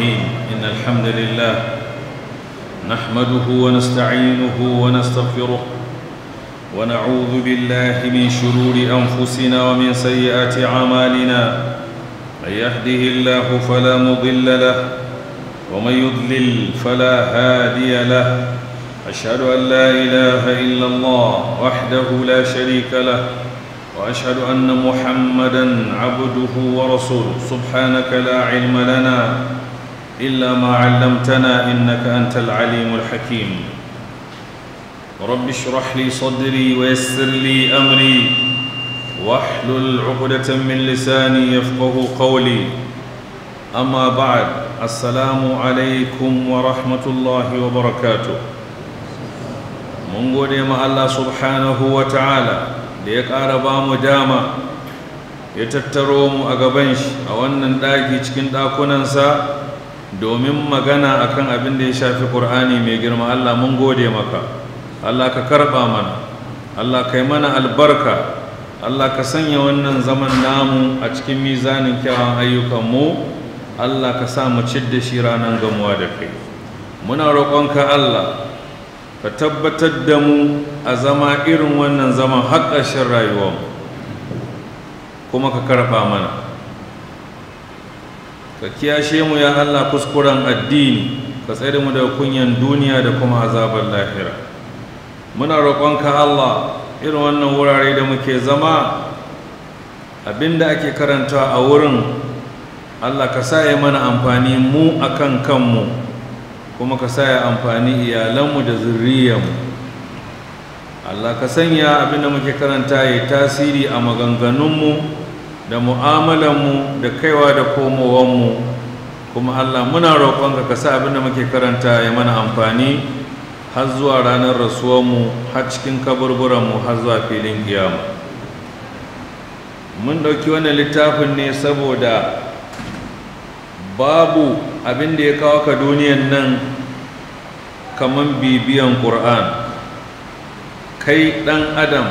الرحيم إن الحمد لله نحمده ونستعينه ونستغفره ونعوذ بالله من شرور أنفسنا ومن سيئات أعمالنا من يهده الله فلا مضل له ومن يضلل فلا هادي له أشهد أن لا إله إلا الله وحده لا شريك له واشهد ان محمدا عبده ورسوله سبحانك لا علم لنا إلا ما علمتنا إنك أنت العليم الحكيم رب اشرح لي صدري ويسر لي أمري واحلل عقدة من لساني يفقه قولي أما بعد السلام عليكم ورحمة الله وبركاته من gode ma Allah subhanahu wa ta'ala da ya ƙara ba mu dama ya tattaro mu a gaban shi a wannan ɗaki cikin ɗakunansa domin magana akan abin da ya shafi ƙur'ani mai girma Allah mun gode maka Allah ka karɓa mana Allah kai mana albarka Allah ka sanya wannan zaman namu a cikin mizanin kyawun ayyukanmu Allah ka sa mu ci da shi ranar gamuwa da kai muna roƙonka Allah ka tabbatar da mu a zama irin wannan zaman haƙashin rayuwarmu kuma ka karɓa mana ka kiyashe mu ya Allah kuskuren addini ka tsare mu daga kunyan duniya da kuma azabar lahira muna roƙonka Allah irin wannan wurare da muke zama abinda ake karanta a wurin Allah ka sa mana amfani mu akan kanmu kuma ka sa ya amfani iyalanmu da zurriyanmu Allah ka sanya abinda muke karanta ya tasiri a maganganunmu da mu'amalanmu da kaiwa da komowanmu kuma Allah muna roƙon ka sa abin da muke karanta ya mana amfani har zuwa ranar rasuwarmu har cikin kaburburanmu har zuwa filin kiyama mun ɗauki wannan littafin ne saboda babu abin da ya kawo ka duniyan nan kamar bibiyan ƙur'an kai ɗan adam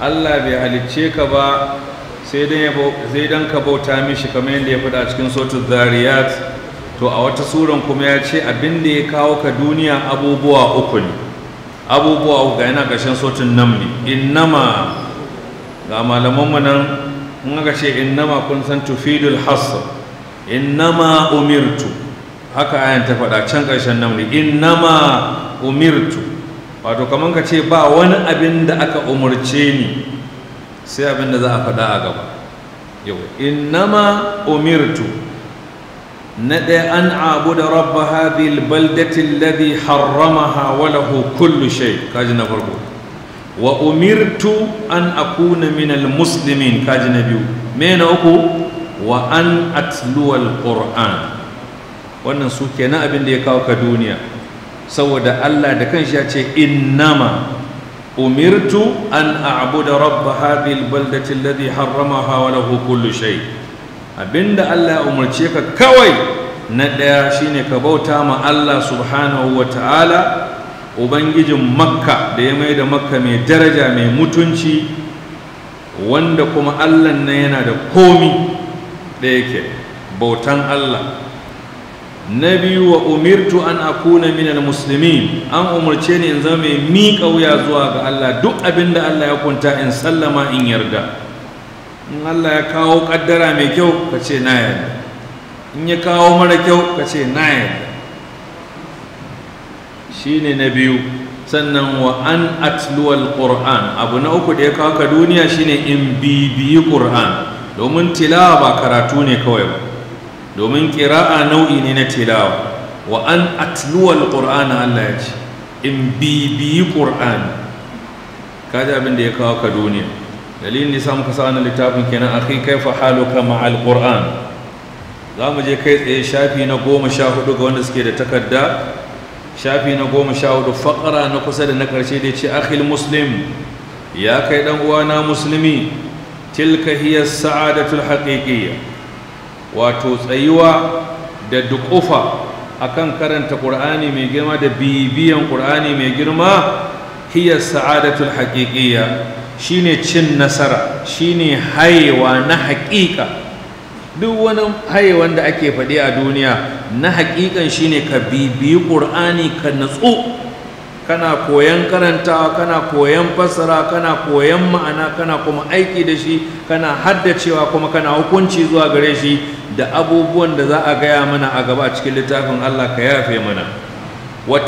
allah bai halicce ka ba sai dan ka bauta mishi kamar yadda ya faɗa cikin sotu zariyat to a wata suran kuma ya ce abin da ya kawo ka duniya abubuwa uku ne abubuwa uku ga yana ƙarshen sotun nan ne innama ga malamanmu nan in aka ce innama kun san tufidul hasr innama umirtu haka ayan ta faɗa can ƙarshen nan ne innama umirtu wato kamar ka ce ba wani abin da aka umarce ni sai abin da za a faɗa a gaba yau innama umirtu na ɗaya an abu da rabba hadil baldatin ladhi harramaha walahu kullu shay kaji na farko wa umirtu an akuna min muslimin kaji na biyu me na uku wa an atluwal qur'an wannan su kenan abin da ya kawo ka duniya saboda Allah da kanshi ya ce innama umirtu an a'budu rabba hadhihi albaldati alladhi harramaha wa lahu kullu abinda Allah ya umarce ka kawai na ɗaya shine ka bauta ma Allah subhanahu wa ta'ala ubangijin makka da ya mai da makka mai daraja mai mutunci wanda kuma allah na yana da komi da yake bautan allah na biyu wa umirtu an akuna minal muslimin an umarce ni in zama mai miƙa wuya zuwa ga Allah duk abin da Allah ya kunta in sallama in yarda in Allah ya kawo kaddara mai kyau ka ce na yarda in ya kawo mara kyau ka ce na yarda ne na biyu sannan wa an atluwal qur'an abu na uku da ya kawo ka duniya shine in bibiyi qur'an domin tilawa ba karatu ne kawai ba domin ƙira'a nau'i ne na tilawa wa an atluwal ƙur'ana Allah ya ce in bibiyi ƙur'ani kaji abin da ya kawo ka duniya dalilin da samu kasa na littafin kenan akhi kaifa haluka ma'al qur'an za mu je kai tsaye shafi na goma sha hudu ga wanda suke da takarda shafi na goma sha hudu faƙara na kusa da na ƙarshe da ce akhil muslim ya kai ɗan uwana musulmi tilka hiya sa'adatul haqiqiyya wato tsayuwa da duƙufa akan karanta ƙur'ani mai girma da bibiyan ƙur'ani mai girma hiya sa'adatul haƙiƙiyya shine cin nasara shine hayewa na haƙiƙa duk wani hayewan da ake faɗi a duniya na haƙiƙan shine ka bibiyi ƙur'ani ka natsu kana koyan karantawa kana koyan fassara kana koyan ma'ana kana kuma aiki da shi kana haddacewa kuma kana hukunci zuwa gare shi da abubuwan da za a gaya mana a gaba a cikin littafin Allah ka yafe mana wa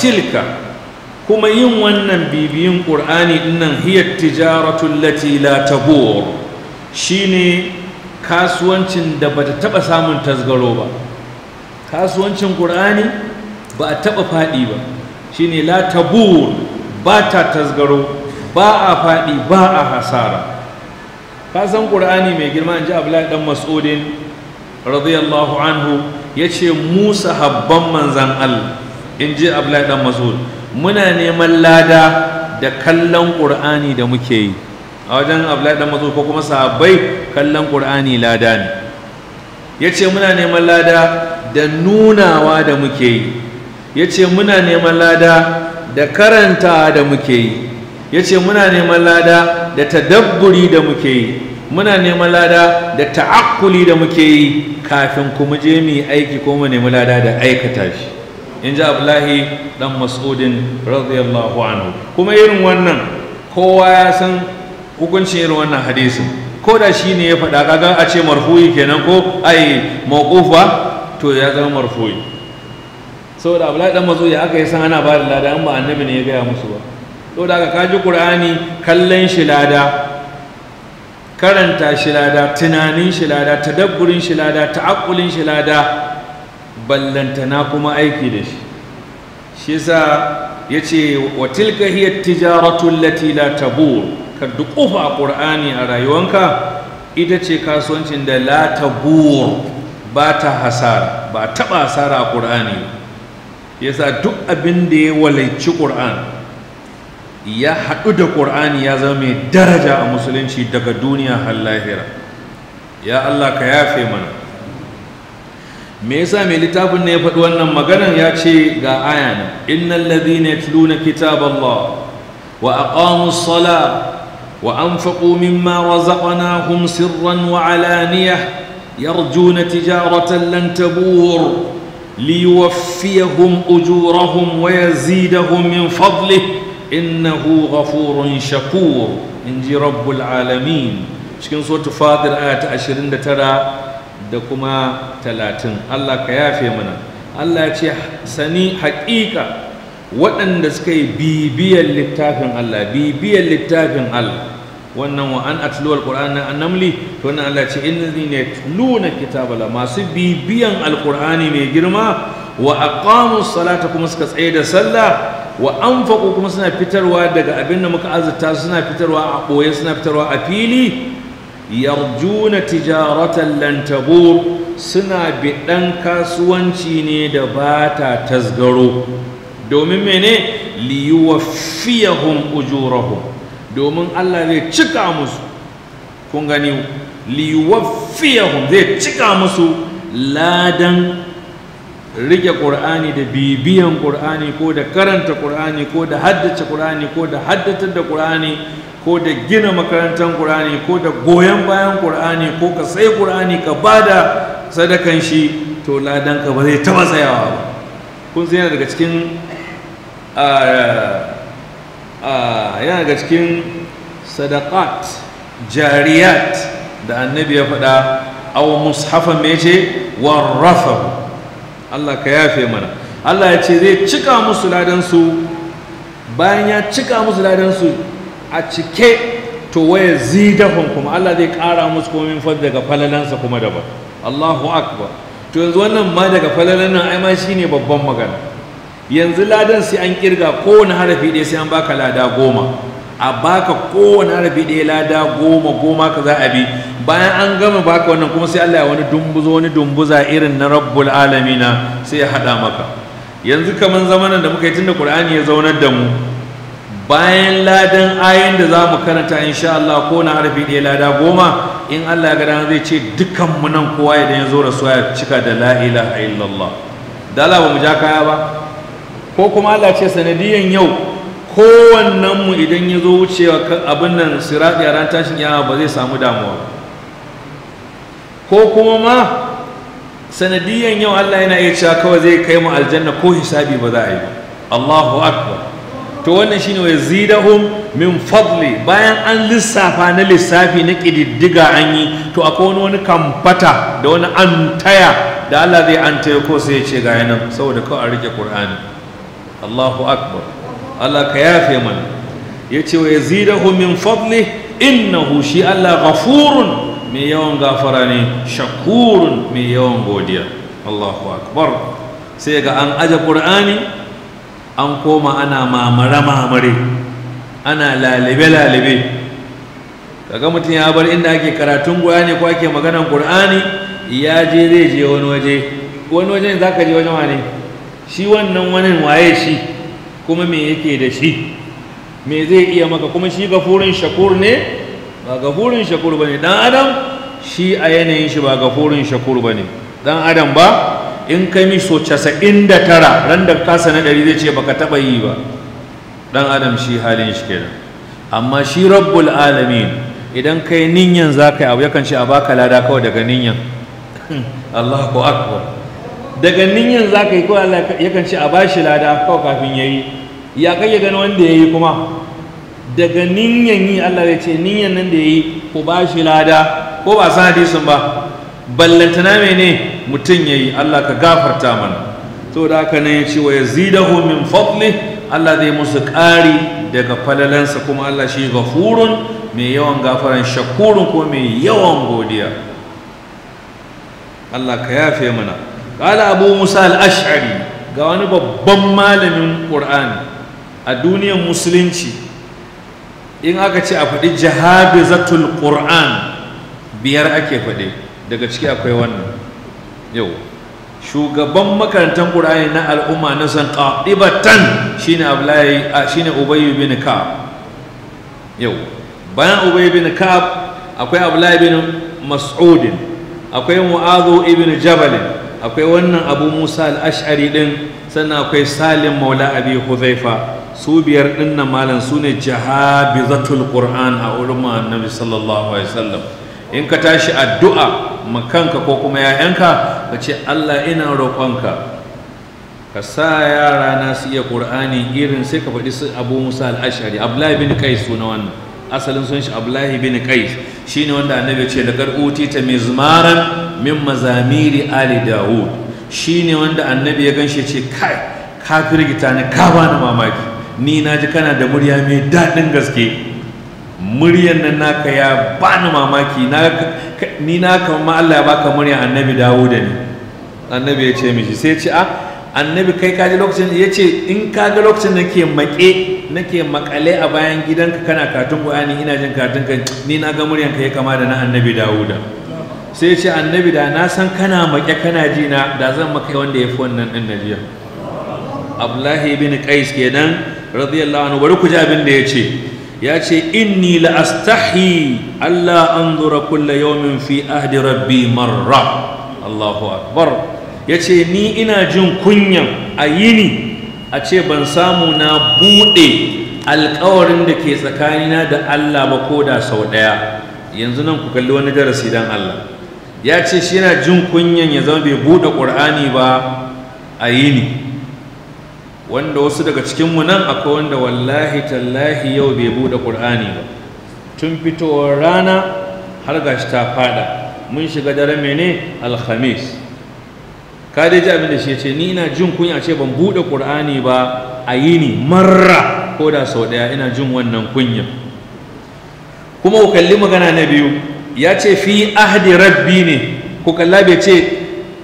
kuma yin wannan bibiyin ƙur'ani dinnan hiya tijaratun lati la tabur shine kasuwancin da bata taba samun tasgaro ba kasuwancin ƙur'ani ba a taba faɗi ba shine la tabur ba ta tasgaro ba a faɗi ba a hasara kasan ƙur'ani mai girma in ji abdullahi dan mas'udin radiyallahu anhu ya ce mu sahabban manzan Allah in ji Abdullahi dan Mas'ud muna neman lada da kallon Qur'ani da muke yi a wajen Abdullahi dan Mas'ud ko kuma sahabbai kallon Qur'ani lada ne ya ce muna neman lada da nunawa da muke yi ya ce muna neman lada da karanta da muke yi ya ce muna neman lada da tadabburi da muke yi muna neman lada da ta'akkuli da muke yi kafin kuma je mu yi aiki ko mu nemi lada da aikata shi in ji abdullahi dan mas'udin radiyallahu anhu kuma irin wannan kowa ya san hukuncin irin wannan hadisin ko da shi ne ya faɗa kaga a ce marfuyi kenan ko ai mawqufa to ya zama Sau saboda abdullahi dan ya aka yi san ana ba da lada in ba annabi ne ya gaya musu ba saboda haka kaji qur'ani kallon shi lada karanta shi lada tunanin shi lada tadabburin shi lada ta'akkulin shi lada ballantana kuma aiki da shi shi yasa ce wa tilka hiya tijaratu lati la tabur ka duƙufa ƙur'ani a rayuwanka ita ce kasuwancin da la tabur ba ta hasara ba taɓa hasara a Ya yasa duk abin da ya walaici ƙur'an. ya haɗu da ƙur'ani ya zama mai daraja a musulunci daga duniya har lahira ya Allah ka yafe mana me yasa mai littafin ne ya faɗi wannan maganar ya ce ga aya na innal ladhina yatluna kitaballah wa aqamus sala wa anfaqu mimma razaqnahum sirran wa alaniyah يرجون تجارة لن تبور ليوفيهم أجورهم ويزيدهم من فضله innahu ghafurun shaku, in ji rabbul alamin cikin sotu fadir aya ta 29 da kuma 30 Allah ka yafe mana Allah ce sani haƙiƙa waɗanda suka yi bibiyar littafin Allah bibiyar littafin Allah wannan an atluwa alƙur'an na annamli to wannan Allah ce inna ne luna kitabala masu bibiyan alƙur'ani mai girma wa aqamu salata kuma suka tsaye da sallah wa anfaqu kuma suna fitarwa daga abin da muka azurta suna fitarwa a ɓoye suna fitarwa a fili yarjuna tijaratan lan suna biɗan kasuwanci ne da ba ta tasgaro domin mene fiyahun ujurahum domin Allah zai cika musu kun gani fiyahun zai cika musu ladan rike ƙur'ani da bibiyan ƙur'ani ko da karanta ƙur'ani ko da haddace ƙur'ani ko da haddatar da ƙur'ani ko da gina makarantar ƙur'ani ko da goyon bayan ƙur'ani ko ka sai ƙur'ani ka ba da sadakan shi to ladanka ka ba zai taɓa tsayawa ba kun sai yana daga cikin yana jariyat da annabi ya faɗa aw mushafan me warrafahu Allah ka yafe mana Allah ya ce zai cika musu ladansu bayan ya cika musu ladansu a cike to waya zidahun kuma Allah zai kara musu komin fad daga falalansa kuma daban Allahu akbar to yanzu wannan ma daga falalan nan ai ma shine babban magana yanzu ladan sai an kirga kowane harafi ɗaya sai an baka lada goma a baka kowane arabi ɗaya lada goma goma ka za a bi bayan an gama baka wannan kuma sai Allah ya wani dumbuzo wani dumbuza irin na rabbul alamina sai ya haɗa maka yanzu kaman zamanin da muka yi tunda Qur'ani ya zaunar da mu bayan ladan ayin da za mu karanta insha Allah ko na arabi ɗaya lada goma in Allah ya ga zai ce dukkan mu nan kowa idan ya zo rasuwa ya cika da la ilaha illallah dala ba mu ja kaya ba ko kuma Allah ce sanadiyan yau kowannenmu idan ya zo wucewa abin nan siraɗi a ran tashin kiyama ba zai samu damuwa ko kuma ma sanadiyyan yau Allah yana iya cewa kawai zai kai mu aljanna ko hisabi ba za a yi Allahu akbar to wannan shine wa Hum min fadli bayan an lissafa na lissafi na kididdiga an yi to akwai wani wani kamfata da wani antaya da Allah zai antaya ko sai ya ce ga yanan saboda kawai a riƙe Ƙur'ani. Allahu akbar Allah ka yafe mana ya ce wa yazidahu min fadli innahu shi Allah ghafurun mai yawan gafara ne shakurun mai yawan godiya Allahu akbar sai ga an aje Qur'ani an koma ana mamare mamare ana lalibe-lalibe kaga mutum ya bar inda ake karatun Qur'ani ko ake maganan Qur'ani ya je zai je wani waje wani wajen zaka je wajen wane shi wannan wani waye shi kuma me yake da shi me zai iya maka kuma shi gafurin shakur ne ba gafurin shakur ba ne ɗan adam shi a yanayin shi ba gafurin shakur ba ne ɗan adam ba in kai mishi so casa'in da tara ran da kasa na ɗari zai ce baka taɓa yi ba ɗan adam shi halin shi kenan amma shi rabbul alamin idan kai ninyan za ka yi abu yakan ce a baka lada kawai daga ninyan Allahu akbar daga ninyan za ka yi kawai yakan ce a bashi lada kawai kafin ya yi ya kai gani wanda ya yi kuma daga niyan yi Allah ya ce niyan nan da ya yi ku ba shi lada ko ba sa hadisin ba ballantana ne mutum ya yi Allah ka gafarta mana to da haka nan ya ce wa zida min fadli Allah zai musu ƙari daga falalansa kuma Allah shi gafurun mai yawan gafaran shakurun ko mai yawan godiya Allah ka yafe mana qala abu musa al-ash'ari ga wani babban malamin ƙur'ani a duniyar musulunci in aka ce a faɗi zatul ƙur'an biyar ake faɗi daga ciki akwai wannan yau shugaban makarantar ƙur'ani na al'umma na san qadibatan shine ablayi shine ubay bin ka'ab yau bayan ubay bin ka'ab akwai ablayi bin Mas'udin, akwai mu'azu ibn jabalin akwai wannan abu musa al'ashari ɗin sannan akwai salim maula abi huzaifa su biyar ɗin nan malam su ne zatul qur'an a wurin annabi sallallahu alaihi wasallam in ka tashi addu'a makanka ko kuma yayanka ka ce Allah ina roƙonka ka sa yara na su iya qur'ani irin sai ka faɗi su Abu Musa al'ashari Abdullahi bin Qais suna wannan asalin sun shi Abdullahi bin Qais shine wanda annabi ce da karuti ta mizmaran min mazamiri ali Dawud shine wanda annabi ya ganshi ce kai ka firgita ni ka bani mamaki ni na ji kana da murya mai daɗin gaske muryan nan naka ya bani mamaki ni na kama Allah ya baka murya annabi dawo da ni annabi ya ce mishi sai ce a ah, annabi kai kaji lokacin ya ce in kaga lokacin ke maƙe nake makale a bayan gidanka kana katun ƙwayani ina jin katun ka ni na ga muryan ka ya kama da na annabi dawuda sai ce annabi da na san kana maƙe kana ji na da zan maka wanda ya fi wannan ɗin na jiya abdullahi bin qais kenan radiyallahu anhu bari ku ji abin da ya ce ya ce inni la astahi Allah anzura kulla yawmin fi ahdi rabbi marra Allahu akbar ya ce ni ina jin kunyan a yini a ce ban samu na buɗe alkawarin da ke tsakanina da Allah ba ko da sau ɗaya yanzu nan ku kalli wani darasi don Allah ya ce shi yana jin kunyan ya zama bai buɗe ƙur'ani ba a yini wanda wasu daga cikinmu nan akwai wanda wallahi tallahi yau bai buɗe ƙur'ani ba tun fitowar rana har ga shi ta fada mun shiga daren mene alhamis ka dai ji abin da shi ce ni ina jin kunya ce ban buɗe ƙur'ani ba a yini marra ko da sau ɗaya ina jin wannan kunya kuma ku kalli magana na biyu ya ce fi ahdi rabbi ne ku kalla bai ce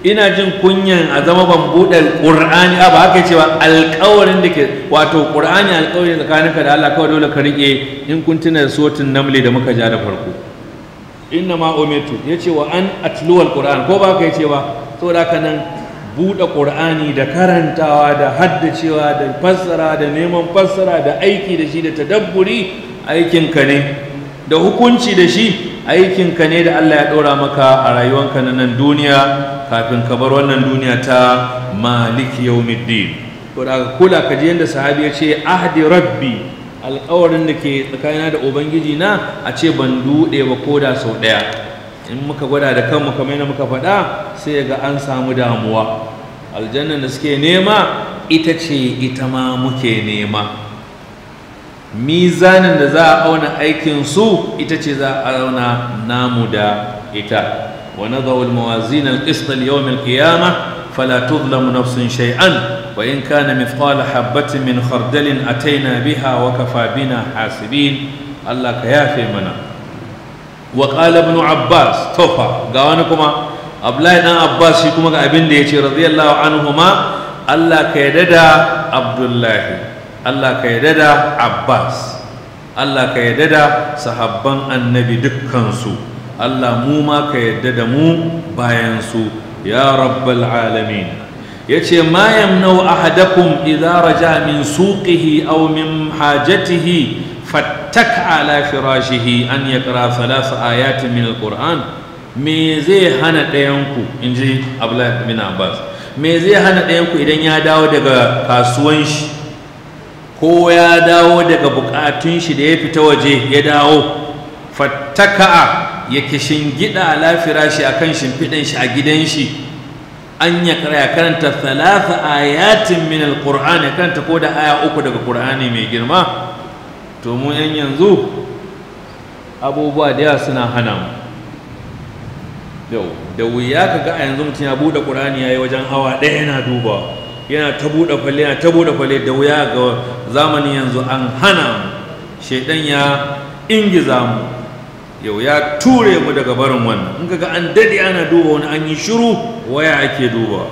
ina jin kunyan a zama ban buɗe ƙur'ani a ba haka cewa alƙawarin da ke wato ƙur'ani alƙawari ka da Allah kawai dole ka riƙe in kun tuna da sotin namle da muka ja da farko inna ma umitu ya ce wa an atluwal ƙur'an ko ba ka ce ba saboda haka nan buɗe ƙur'ani da karantawa da haddacewa da fassara da neman fassara da aiki da shi da tadabburi aikinka ne da hukunci da shi aikinka ne da Allah ya ɗora maka a rayuwanka na nan duniya kafin ka bar wannan duniya ta maliki yawmiddin to da kula ka ji yanda sahabi ya ce ahdi rabbi alkawarin da ke tsakanina da ubangiji na a ce ban duɗe ba ko da sau ɗaya in muka gwada da kanmu kamar yadda muka faɗa sai ga an samu damuwa aljannan da suke nema ita ce ita ma muke nema mizanin da za a auna aikinsu ita ce za a auna namu da ita ونضع الموازين القسط ليوم القيامة فلا تظلم نفس شيئا وإن كان مثقال حبة من خردل أتينا بها وكفى بنا حاسبين الله كيافي منا وقال ابن عباس توفى قوانكما أبلاي أن عباس يكما أبن ديتي رضي الله عنهما الله كيددا عبد الله الله كيددا عباس الله كيددا صحبان النبي دكانسو Allah mu ma ka yadda da mu bayan su ya rabbal alamin yace ma yamnau ahadakum idza raja min suqihi aw min hajatihi fattak ala firashihi an yaqra thalath ayatin min alquran me zai hana bin abbas me zai hana ɗayanku idan ya dawo daga kasuwan shi ko ya dawo daga bukatun shi da ya fita waje ya dawo fattaka'a ya kishingida lafira shi a akan shimfiɗin shi a gidan shi an ya karanta thalatha ayatin min alƙur'an ya karanta ko da aya uku daga ƙur'ani mai girma to mu yan yanzu abubuwa da yawa suna hana mu yau da wuya ka ga a yanzu mutum ya buɗe ƙur'ani ya yi wajen hawa ɗaya yana duba yana ta buɗe falle yana ta buɗe falle da wuya ga zamanin yanzu an hana mu shaidan ya ingiza mu yau ya ture mu daga barin wannan in kaga an dade ana duba wani an yi shiru waya ake duba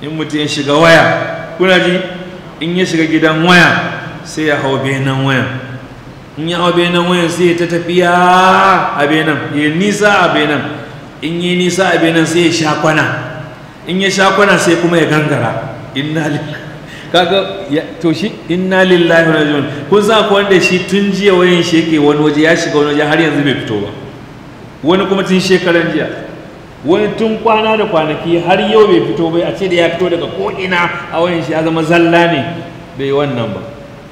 in mutum ya shiga waya kuna ji in ya shiga gidan waya sai ya hau benan wayan in ya hau benan wayan sai ya ta tafiya a benan ya nisa a benan in yi nisa a benan sai ya sha kwana in ya sha kwana sai kuma ya gangara inna lillahi kaga to shi inna lillahi wa rajiun kun san akwai wanda shi tun jiya wayan shi yake wani waje ya shiga wani waje har yanzu bai fito ba wani kuma tun shekaran jiya wani tun kwana da kwanaki har yau bai fito bai a ce da ya fito daga ko ina a wayan shi ya zama zalla ne bai wannan ba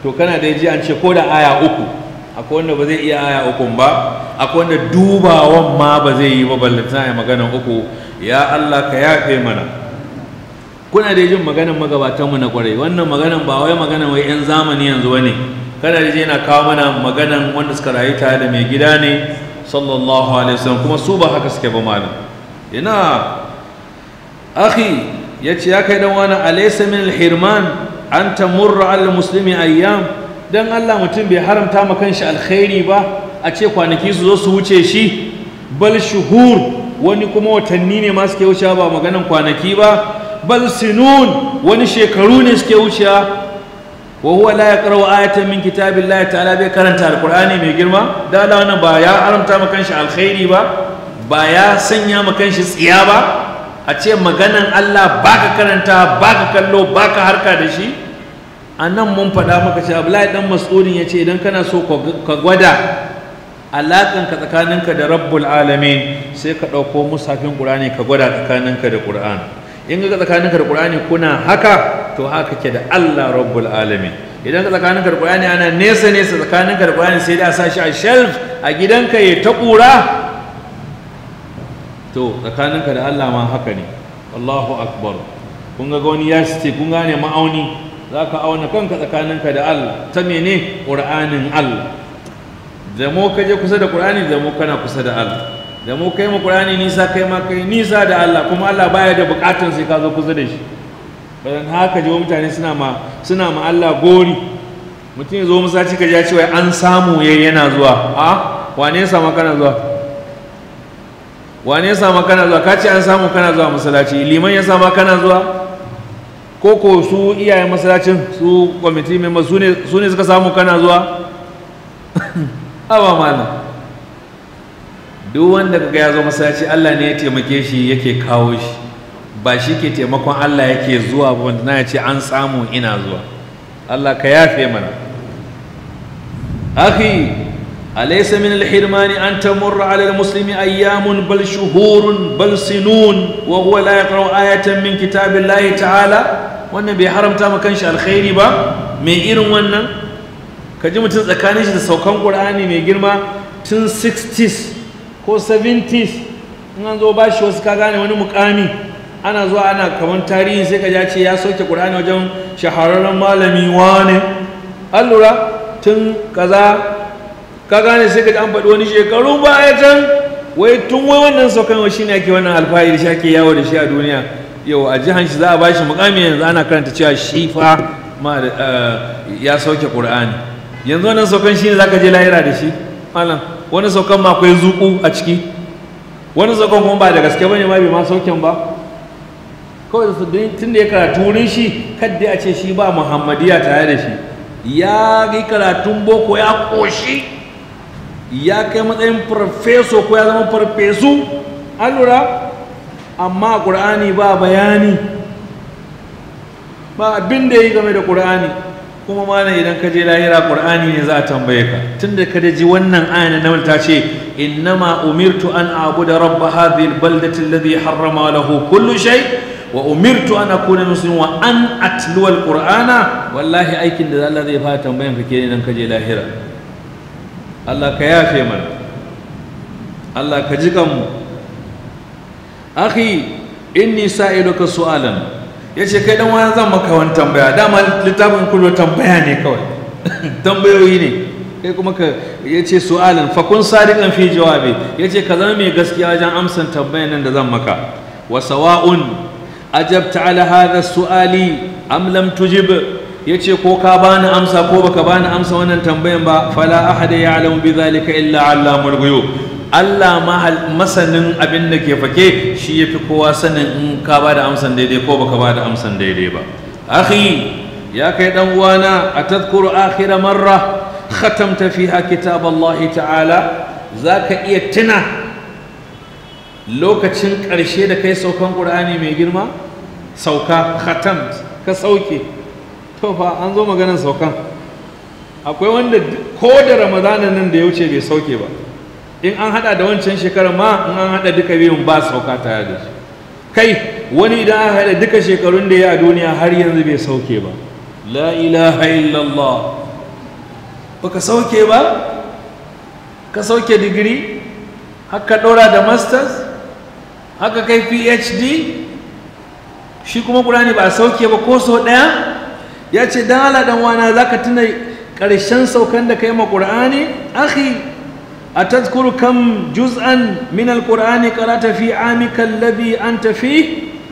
to kana da ji an ce ko da aya uku akwai wanda ba zai iya aya uku ba akwai wanda dubawan ma ba zai yi ba ballantana ya magana uku ya Allah ka yafe mana kuna da jin maganan magabatanmu na kwarai wannan maganan ba wai magana wai 'yan zamani yanzu bane kana da yana kawo mana maganan wanda suka rayu tare da mai gida ne sallallahu alaihi wasallam kuma su ba haka suke ba malam ina akhi yace ya kai dan wani alaysa min alhirman an tamurra al muslimi ayyam dan Allah mutum bai haramta ma kanshi alkhairi ba a ce kwanaki su zo su wuce shi bal shuhur wani kuma watanni ne ma suke wucewa ba maganan kwanaki ba bal sinun wani shekaru ne suke wuciya wa huwa la yaqra'u ayatan min kitabillahi ta'ala bai karanta alqur'ani mai girma da Allah wannan ba ya haramta maka shi alkhairi ba ba ya sanya maka kanshi tsiya ba a ce maganan Allah baka karanta baka kallo baka harka da shi a mun faɗa maka cewa Abdullahi dan Mas'udin ya ce idan kana so ka gwada alaƙanka tsakaninka da rabbul alamin sai ka ɗauko musafin ƙur'ani ka gwada tsakaninka da ƙur'an in ga tsakaninka da kuna haka to haka ke da Allah rabbul alamin idan ka tsakaninka da ana nesa nesa tsakaninka da sai da sa shi a shelf a gidanka ya ta kura to tsakaninka da Allah ma haka ne Allahu akbar kun ga wani ya ce kun gane ma'auni za ka auna kanka tsakaninka da Allah ta mene ƙur'anin Allah zamo ka je kusa da ƙur'ani zamo kana kusa da Allah da mu kai mu Qur'ani nisa kai ma kai nisa da Allah kuma Allah baya da bukatun sai ka zo kusa da shi bayan haka jiwo mutane suna ma suna ma Allah gori mutum ya zo musaci ka ja cewa an samu yayi yana zuwa a wane ya samu kana zuwa wane ya samu kana zuwa ka ce an samu kana zuwa masallaci liman ya samu kana zuwa ko ko su iyayen masallacin su kwamiti member su ne suka samu kana zuwa Awa, malam duk wanda kaga ya zo masallaci Allah ne ya taimake shi yake kawo shi ba shi ke taimakon Allah yake zuwa ba wanda na ce an samu ina zuwa Allah ka yafe mana akhi alaysa min alhirmani an tamurra ala almuslimi ayyamun bal shuhurun bal sinun wa huwa la yaqra'u ayatan min kitabillahi ta'ala wannan bai haramta ma shi alkhairi ba mai irin wannan Ka ji mutum tsakanin shi da saukan qur'ani mai girma tun 60s ko 70s in an zo bashi wasu ka gane wani mukami ana zuwa ana kaman tarihi sai ka ce ya soke Qur'ani wajen shahararren malami wane an lura tun kaza ka gane sai ka an faɗi wani shekaru baya can wai tun wai wannan saukan shi ne ake wannan alfahari da shi ake yawo da shi a duniya yau a jihan shi za a bashi mukami yanzu ana karanta cewa shi fa ma eh, ya sauke Qur'ani yanzu wannan saukan shi ne ka je lahira da shi malam wani saukan ma akwai zuku a ciki wani saukan kuma ba da gaske bane ma bai ma saukan ba kawai tun da ya karatu wurin shi kadda a ce shi ba muhammadiya tare da shi ya yi karatun boko ya koshi ya kai matsayin farfeso ko ya zama farfesu an lura amma ƙur'ani ba bayani ba abin da ya yi game da ƙur'ani kuma malam idan ka je lahira qur'ani ne za a tambaye ka tunda ka ji wannan aya na ta ce innama umirtu an a'budu rabb hadhihi albaldati alladhi harrama lahu kullu shay wa umirtu an akuna musliman wa an atluwa alqur'ana wallahi aikin da Allah zai fara tambayan ka kenan idan ka je lahira Allah ka yafe mana Allah ka ji kanmu akhi inni sa'iluka su'alan ya ce kai dan wani zan maka wani tambaya dama littafin kullu tambaya ne kawai tambayoyi ne kai kuma ka ya ce su'alan fakun sadiqan fi jawabi ya ce ka zama mai gaskiya wajen amsan tambayan nan da zan maka wa sawa'un ajabta ala hadha su'ali am lam tujib ya ce ko ka bani amsa ko baka bani amsa wannan tambayan ba fala ahada ya'lamu bi dhalika illa allamul ghuyub Allah masanin abin da ke fake shi ya fi kowa sanin in ka ba da amsan daidai ko baka ba da amsan daidai ba akhi ya kai dan uwana a tadhkuru akhira marra khatamta fiha kitab Allah ta'ala zaka iya tuna lokacin ƙarshe da kai saukan Qur'ani mai girma sauka khatam ka sauke to fa an zo maganar saukan akwai wanda ko da Ramadana nan da ya wuce bai sauke ba in an hada da wancan shekarar ma in an hada duka biyun ba sauka ta da shi kai wani idan an hada duka shekarun da ya a duniya har yanzu bai sauke ba la ilaha illallah ka sauke ba ka sauke digiri haka ɗora da masters haka kai phd shi kuma ƙurani ba sauke ba ko sau ɗaya ya ce don ala dan wana za ka tuna karshen saukan da kai ma kur'ani akhi أتذكر كم جزءا من القرآن قرأت في عامك الذي أنت فيه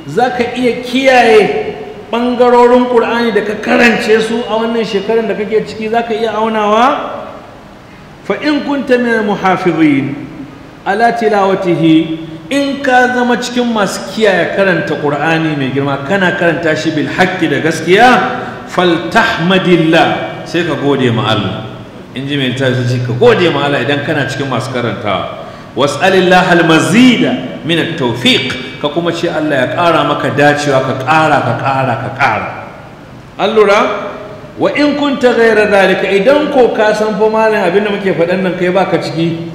ذاك إيه كياي بانغرورون قرآن دك كرن شيسو أو أن شكرن دك كي ذاك إيه أونوا فإن كنت من المحافظين على تلاوته in ka zama cikin masu kiyaye karanta ƙur'ani mai girma kana karanta shi bil haƙƙi da gaskiya faltahmadillah sai ka gode ma Allah in ji mai ta zuci ka gode ma Allah idan kana cikin masu wasu was'alillah almazida min at-tawfiq ka kuma ce Allah ya ƙara maka dacewa ka ƙara ka ƙara ka ƙara Allura, wa in kunta ghayra zalika idan ko ka san fa malam abinda muke faɗan nan kai baka ciki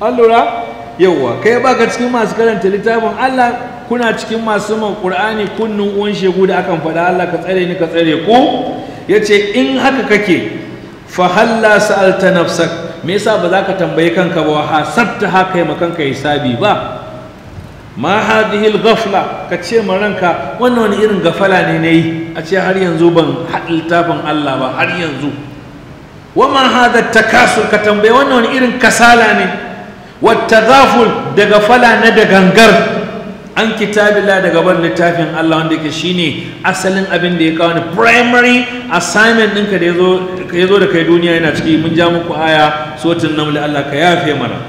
Allura, yawwa, yauwa kai baka cikin masu karanta littafin Allah kuna cikin masu maƙur'ani, kunnu kunnin uwan shegu da akan faɗa Allah ka tsare ni ka tsare ku Yace, in haka kake fa halla sa'alta nafsak me yasa ba za ka tambayi kanka ba hasabta haka ma kanka hisabi ba ma hadhihi al-ghafla ka ce ma ranka wannan wani irin gafala ne nayi a ce har yanzu ban haɗa tafin Allah ba har yanzu wa ma hadha takasur ka tambaye wannan wani irin kasala ne wa tadaful da gafala na da gangar an kitabila daga ban littafin Allah wanda yake shine asalin abin da ya kawo ni primary assignment ɗinka da ya zo da kai duniya yana ciki mun ja muku aya sotin da Allah ka yafe mana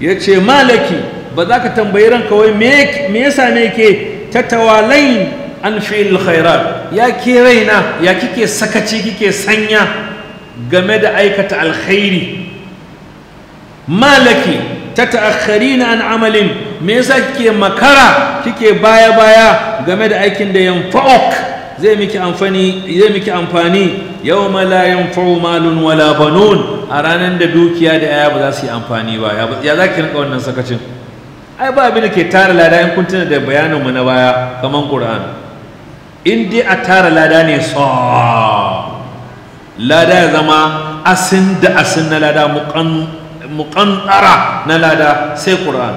yace malaki ba za ka tambayi ranka wai me ya same ke tatawalain an fi'il khairat ya ke raina ya kike sakaci kike sanya game da aikata alkhairi malaki Ta na an amalin me yasa kike makara kike baya baya game da aikin da yanfa'uk zai miki amfani zai miki amfani yawma la yanfa'u malun wala banun a ranar da dukiya da yaya ba za su yi amfani ba ya za ki wannan sakacin ai ba abin da ke tara lada in kun tuna da bayanin mu na baya kaman qur'an in dai a tara lada ne so lada ya zama asin da asin na lada kan. muƙantara na lada sai ƙura'an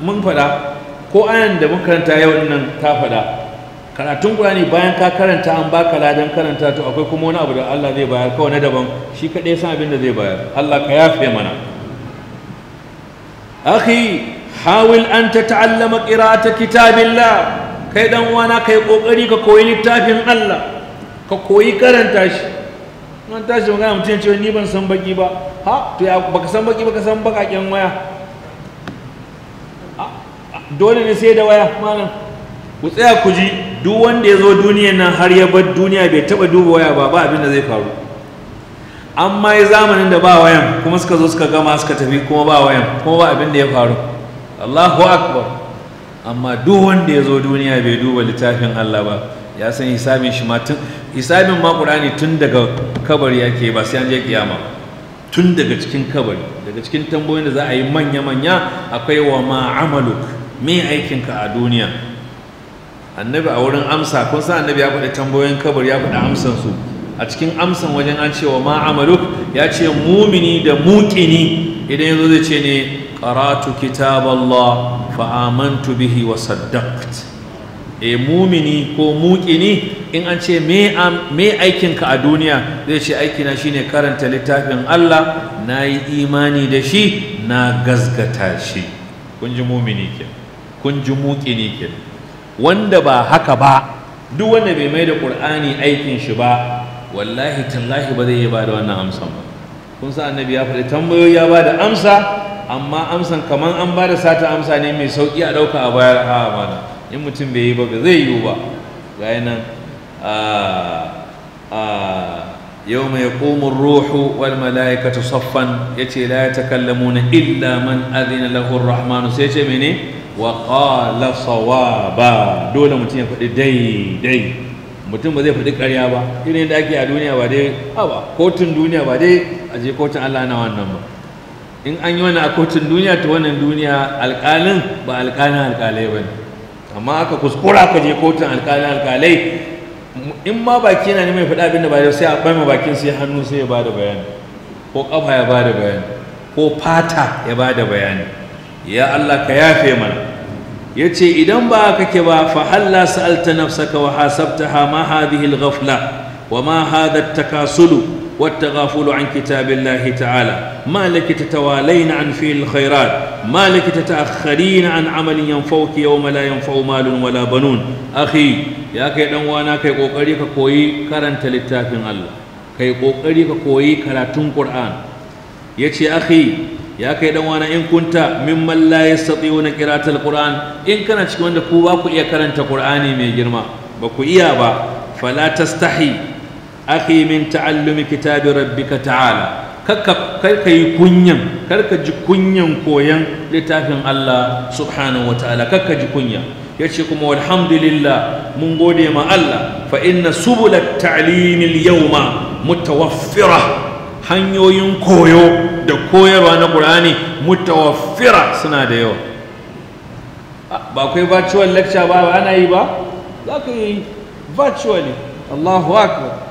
mun faɗa ko ayan da makaranta yau nan ta faɗa karatun ƙur'ani bayan ka karanta an baka ladan karanta to akwai kuma wani abu da Allah zai bayar kawai na daban shi kaɗai san abin da zai bayar Allah ka yafe mana akhi hawil an ta ta kitabin kitabillah kai dan uwana kai kokari ka koyi littafin Allah ka koyi karanta shi an tashi magana mutum cewa ni ban san baki ba ha to ya baka san baki baka san bakaken waya dole ne sai da waya malam ku tsaya ku ji duk wanda ya zo duniyan nan har ya bar duniya bai taba duba waya ba ba abin da zai faru amma ya zamanin da ba wayan kuma suka zo suka gama suka tafi kuma ba wayan kuma ba abin da ya faru Allahu akbar amma duk wanda ya zo duniya bai duba littafin Allah ba ya san hisabin shi ma tun hisabin ma qur'ani tun daga kabari yake ba sai an je kiyama tun daga cikin kabari daga cikin tambayoyin da za a yi manya manya akwai wa ma amaluk me aikinka a duniya annabi a wurin amsa kun san annabi ya faɗi tambayoyin kabari ya faɗi amsan su a cikin amsan wajen an ce wa ma amaluk ya ce mumini da muƙini idan yazo zai ce ne qaratu kitaballah fa amantu bihi wa saddaqtu e mumini ko mukini in an ce me aikinka a duniya zai ce aikina shine karanta littafin Allah na yi imani da shi na gazgata shi kun ji mumini ke kun ji mukini ke wanda ba haka ba duk wanda bai mai da ƙur'ani aikin shi ba wallahi tallahi ba zai yi ba da wannan amsan ba kun sa annabi ya faɗi tambayoyi ya ba da amsa amma amsan kamar an ba da sata amsa ne mai sauƙi a ɗauka a bayar a mana. in mutum bai yi ba ba zai yiwu ba ga nan yau mai ƙomin ruhu wal mala'ikatu saffan ya ce la na illa man azina lahu rahmanu sai ce mene wa qala sawaba dole mutum ya faɗi daidai mutum ba zai faɗi ƙarya ba irin yadda ake a duniya ba dai ba kotun duniya ba dai a je kotun Allah na wannan ba in an yi wani a kotun duniya ta wannan duniya alƙalin ba alƙalin alƙalai ba ne amma aka kuskura ka je kotun alkali alkalai in ma baki yana ne mai faɗa abin da ba sai a ɓame bakin sai hannu sai ya bada bayani ko ƙafa ya bada bayani ko fata ya bada bayani ya Allah ka yafe mana ya ce idan ba kake ba fa halla sa'alta nafsaka wa hasabtaha ma hadhihi al-ghafla wa ma hadha at-takasulu والتغافل عن كتاب الله تعالى ما لك تتوالين عن فعل الخيرات ما لك تتأخرين عن عمل ينفوك يوم لا ينفع مال ولا بنون أخي يا كي دنوانا كي قوكري كوي كرن تلتافن الله كي قوكري كوي كراتون قرآن يتي أخي ya kai dan wani in kunta mimman la yastati'una qira'atul qur'an in kana cikin wanda ku ba ku iya karanta qur'ani mai girma ba ku iya ba fala tastahi akhi min ta'allumi kitabi rabbika ta'ala kakka karka yi kunyan karka ji kunyan koyan littafin Allah subhanahu wa ta'ala kakka ji kunya yace kuma alhamdulillah mun gode ma Allah fa inna subul at-ta'lim al-yawma mutawaffira hanyoyin koyo da koyarwa na Qur'ani mutawaffira suna da yawa ba kai virtual lecture ba ana yi ba za ka yi virtually Allahu akbar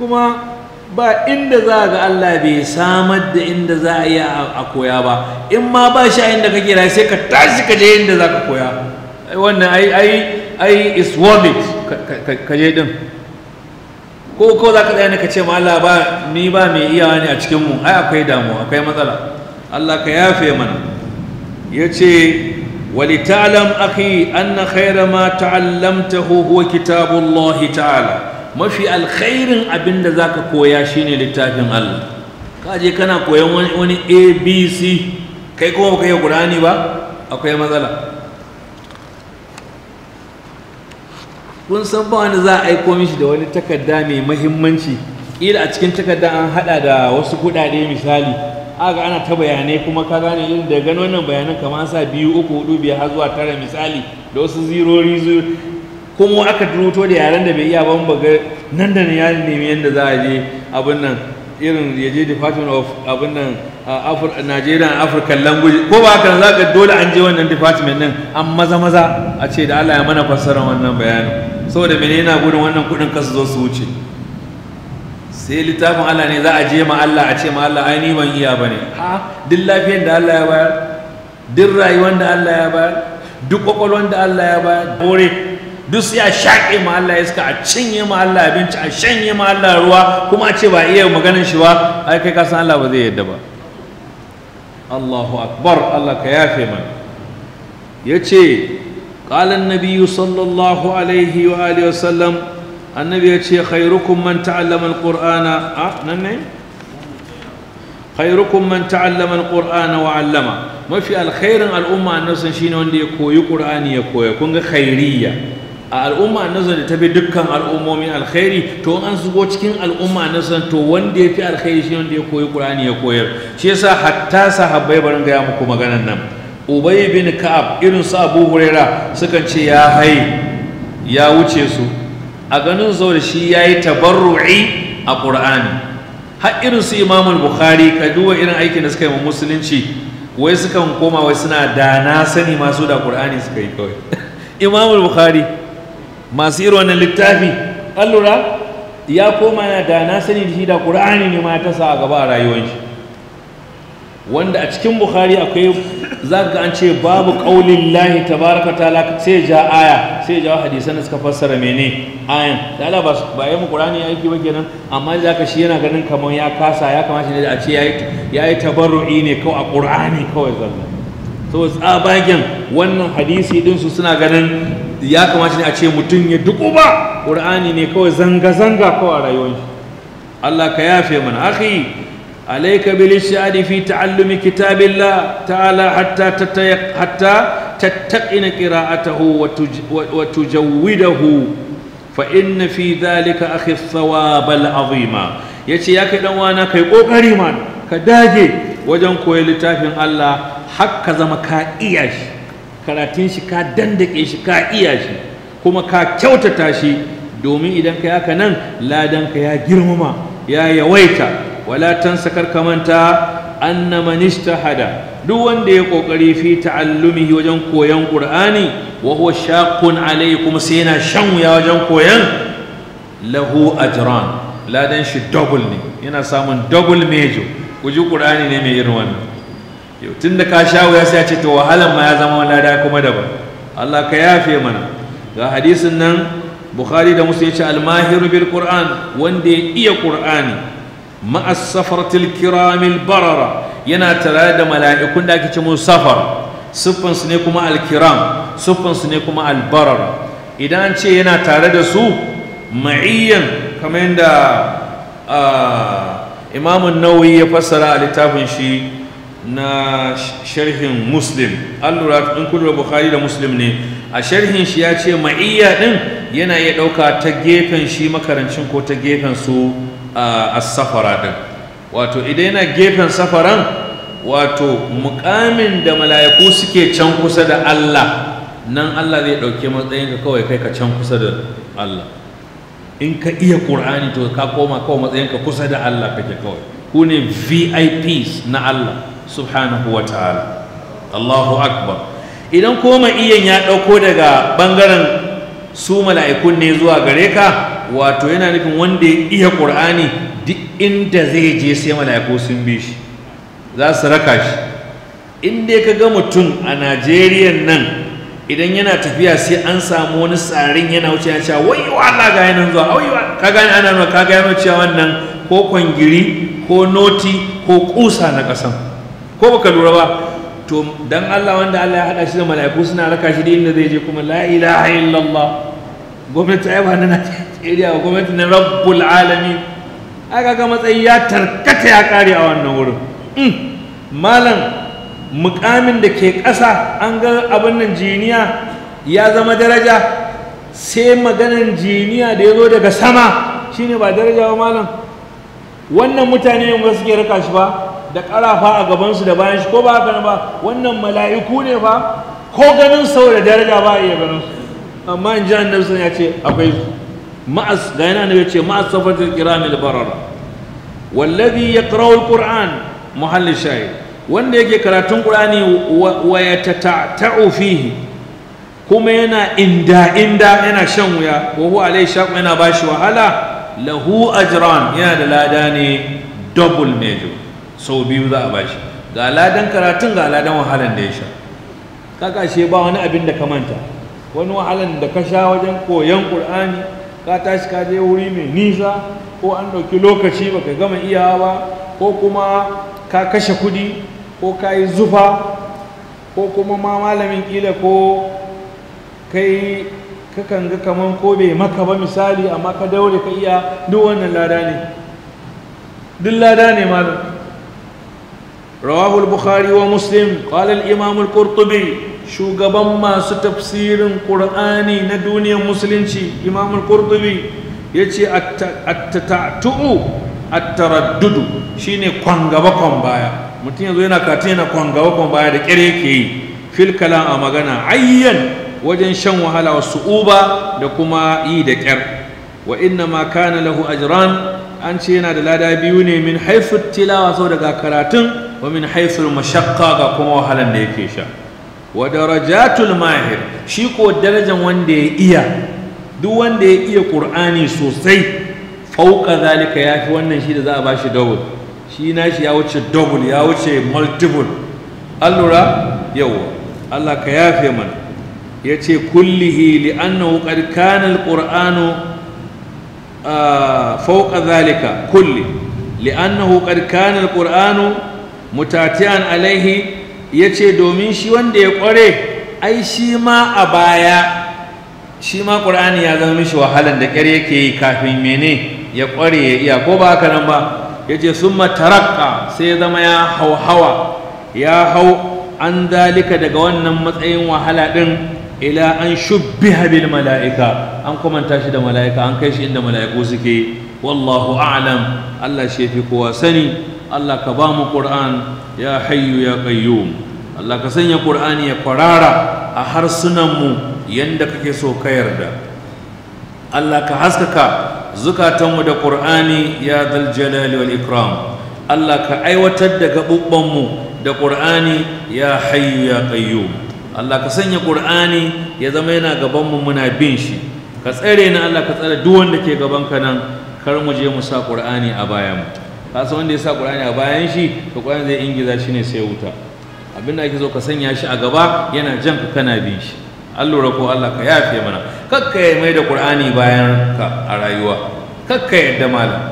kuma ba inda za ga Allah bai samar da inda za a yi a koya ba in ma ba shi a inda kake rayu sai ka tashi ka je inda za ka koya wannan ai ai ai is worth it ka je din ko ko za ka tsaya ka ce ma Allah ba ni ba mai iyawa ne a cikin mu ai akwai damuwa akwai matsala Allah ka yafe mana yace ولتعلم أخي أن خير ما تعلمته هو كتاب الله تعالى mafi alkhairin abinda da za ka koya shine littafin Allah ka je kana koyan wani abc kai kuma kai yi ba akwai matsala kun san ba wani za a aiko mishi da wani takarda mai mahimmanci ƙila a cikin takarda an haɗa da wasu kuɗaɗe misali aga ana ta bayanai kuma ka gane irin da gano wannan bayanan kamar sa biyu uku hudu biyar har zuwa tara misali da wasu zirori ko mu aka duruto da yaren da bai iya ban baga nan da ya nemi yadda za a je abin nan irin ya je department of abin nan nigerian african language ko ba haka za ka dole an je wannan department din an maza maza a ce da allah ya mana fassara wannan bayanin saboda mene yana gudun wannan kudin kasu zo su wuce sai littafin allah ne za a je ma allah a ce ma allah ai ni ban iya bane a duk lafiyar da allah ya bayar duk rayuwar da allah ya bayar duk kwakwalwar da allah ya bayar bore duk ya a shaƙe ma Allah iska a cinye ma Allah abinci a shanye ma Allah ruwa kuma a ce ba iya maganin shi ba ai kai ka san Allah ba zai yadda ba Allahu akbar Allah ka yafe man. yace qala an-nabiy sallallahu alaihi wa alihi wa sallam annabi yace khairukum man ta'allama al ah nan ne khairukum man ta'allama al-qur'ana mafi alkhairin al'umma annabi shine wanda ya koyi qur'ani ya koya kun ga khairiyya a al'umma nazari ta bi dukkan al'ummomi alkhairi to an zubo cikin al'umma nazari to wanda ya fi alkhairi shi wanda ya koyi qur'ani ya koyar shi yasa hatta sahabbai barin gaya muku maganan nan ubay bin ka'ab irin su abu huraira suka ce ya hai ya wuce su a ganin zo da shi yayi tabarru'i a qur'ani har irin su imamul bukhari ka duba irin aikin da suka yi musulunci wai sukan koma wai suna da sani masu da qur'ani suka yi kawai imamul bukhari masu irin wannan littafi an ya koma na da na sani da shi da ƙura'ani ne ma ta sa a gaba a rayuwar shi wanda a cikin bukhari akwai za an ce babu ƙaulin lahi ta laka sai ja aya sai ja hadisan da suka fassara mene ayan da ala ba yi mu ya aiki ba kenan amma za ka shi yana ganin kamar ya kasa ya kamata ne da a ce ya yi tabarru'i ne kawai a qur'ani kawai zalla so tsabagen wannan hadisi din suna ganin ya kamata ne a ce mutum ya duku ba ƙur'ani ne kawai zanga-zanga kawai a rayuwar Allah ka yafe mana akhi alayka bil shadi fi ta'allumi kitabillah ta'ala hatta hatta tattaqina qira'atahu wa tujawwidahu fa inna fi dhalika akhi thawab al azima yace ya kai dan wana kai kokari man ka dage wajen koyi littafin Allah hakka zama ka iya shi karatun shi ka dandake shi ka iya shi kuma ka kyautata shi domin idan ka haka nan ladanka ya girmama ya yawaita wala tansa ka manta anna man hada duk wanda ya kokari fi ta'allumi wajen koyan qur'ani wa huwa shaqqun alaykum kuma sai yana shan wuya wajen koyan lahu ajran ladan shi double ne yana samun double major kuji qur'ani ne mai irin wannan yau tun da ka sha wuya sai ya ce to wahalan ma ya zama wani lada kuma daban Allah ka yafe mana ga hadisin nan Bukhari da Muslim ya bil Qur'an wanda ya iya Qur'ani ma'as safaratil kiramil barara yana tare da mala'ikun da ake ce mu safar su ne kuma alkiram su ne kuma albarar idan an ce yana tare da su ma'iyyan kamar yadda ah, imamun nawawi ya fassara a littafin shi na sharhin muslim an lura in da bukhari da muslim ne a sharhin shi ya ce ma'iyya din yana iya ɗauka ta gefen shi makarancin ko ta gefen su a safara din wato idan yana gefen safaran wato mukamin da mala'iku suke can kusa da Allah nan Allah zai ɗauke matsayin ka kawai kai ka can kusa da Allah in ka iya ƙur'ani to ka koma kawai matsayin ka kusa da Allah kake kawai ku ne VIPs na Allah subhanahu wa ta'ala Allahu akbar idan koma iyan ya ɗauko daga ɓangaren su mala'ikun ne zuwa gare ka wato yana nufin wanda ya iya ƙur'ani duk inda zai je sai mala'iku sun bi shi za su raka shi in dai ka ga mutum a najeriya nan idan yana tafiya sai an samu wani tsarin yana wuce ya cewa wai wa Allah ga yanan zuwa wai wa ka ga ana ka ga yana cewa wannan ko kwangiri ko noti ko kusa na kasan ko baka lura ba to dan Allah wanda Allah ya hada shi da mala'iku suna raka shi da inda zai je kuma la ilaha illallah gwamnati ai ba na Najeriya ba gwamnati na rabbul alamin aka ga matsayi ya tarkata ya kare a wannan wurin mm. malam mukamin da ke ƙasa an ga abin nan jiniya ya zama daraja sai maganan jiniya da ya zo daga sama shine ba daraja ba malam wannan mutane yin suke raka shi ba da ƙarafa a gabansu da bayan shi ko ba haka ba wannan mala'iku ne ba? ko ganin sau da daraja ba a iya ganin su amma in ji annabi sun ya ce akwai su ma'as ga yana ya ce ma'as safatul kiramil barara wallazi yaqra'u alquran muhallin shahid wanda yake karatun qur'ani wa yatata'u fihi kuma yana inda inda yana shan wuya wa huwa alai shaq yana bashi wahala lahu ajran yana da lada ne double major sau biyu za a shi. ga ladan karatun ga ladan wahalan da ya sha kaka shi ba wani abin da ka manta wani wahalan da ka sha wajen koyon ƙur'ani ka tashi ka je wuri mai nisa ko an ɗauki lokaci baka gama iyawa ba ko kuma ka kashe kuɗi ko ka yi zufa ko kuma ma malamin ƙila ko kai kan ga kamar ko bai maka ba misali amma ka daure ka iya duk wannan lada ne duk lada ne malam رواه البخاري ومسلم قال الإمام القرطبي شو قبم ما ستفسير قرآني ندوني مسلمشي إمام القرطبي يتي التتعتع التردد شيني قنقبا قنبايا متين يزوينا كاتينا قنقبا قنبايا دا كريكي في الكلام أمغانا عين وجن شن وهلا والصعوبة لكما إيدا كر وإنما كان له أجران أنشينا دلادا بيوني من حيث التلاوة سودا كراتن wa min haythul mashaqqa ga kuma wahalan da yake sha wa darajatul mahir shi ko darajan wanda ya iya duk wanda ya iya qur'ani sosai fauka zalika yafi wannan shi da za a bashi double shi nashi ya wuce double ya wuce multiple Allah ka yafe yace kullihi kulli li'annahu qad kana mutatiyan alaihi ya ce domin shi wanda ya kware ai shi ma a baya shi ma ƙur'ani ya zama mishi wahalan da ƙyar yake yi kafin mene ya kware ya iya ko ba haka nan ba ya ce sun matarakka sai ya zama ya hau hawa ya hau an zalika daga wannan matsayin wahala ɗin ila an shubbi bil mala'ika an kwamanta shi da mala'ika an kai shi inda mala'iku suke wallahu a'lam Allah shi fi kowa sani Allah ka ba mu Qur'an ya hayyu ya qayyum Allah ka sanya Qur'ani ya kwarara a harsunan mu yanda kake so ka yarda Allah ka haskaka zukatanmu da Qur'ani ya dal jalali wal ikram Allah ka aiwatar da gabubban da Qur'ani ya hayyu ya qayyum Allah ka sanya Qur'ani ya zama yana gaban muna bin shi ka tsare na Allah ka tsare duk wanda ke gaban ka nan kar mu je mu sa Qur'ani a bayan mu kasan wanda ya sa qur'ani a bayan shi to qur'ani zai ingiza shi ne sai wuta abinda ake zo ka sanya shi a gaba yana jan ka kana bin shi an lura ko Allah ka yafe mana kakka ya mai da qur'ani bayan ka a rayuwa kakka yadda malam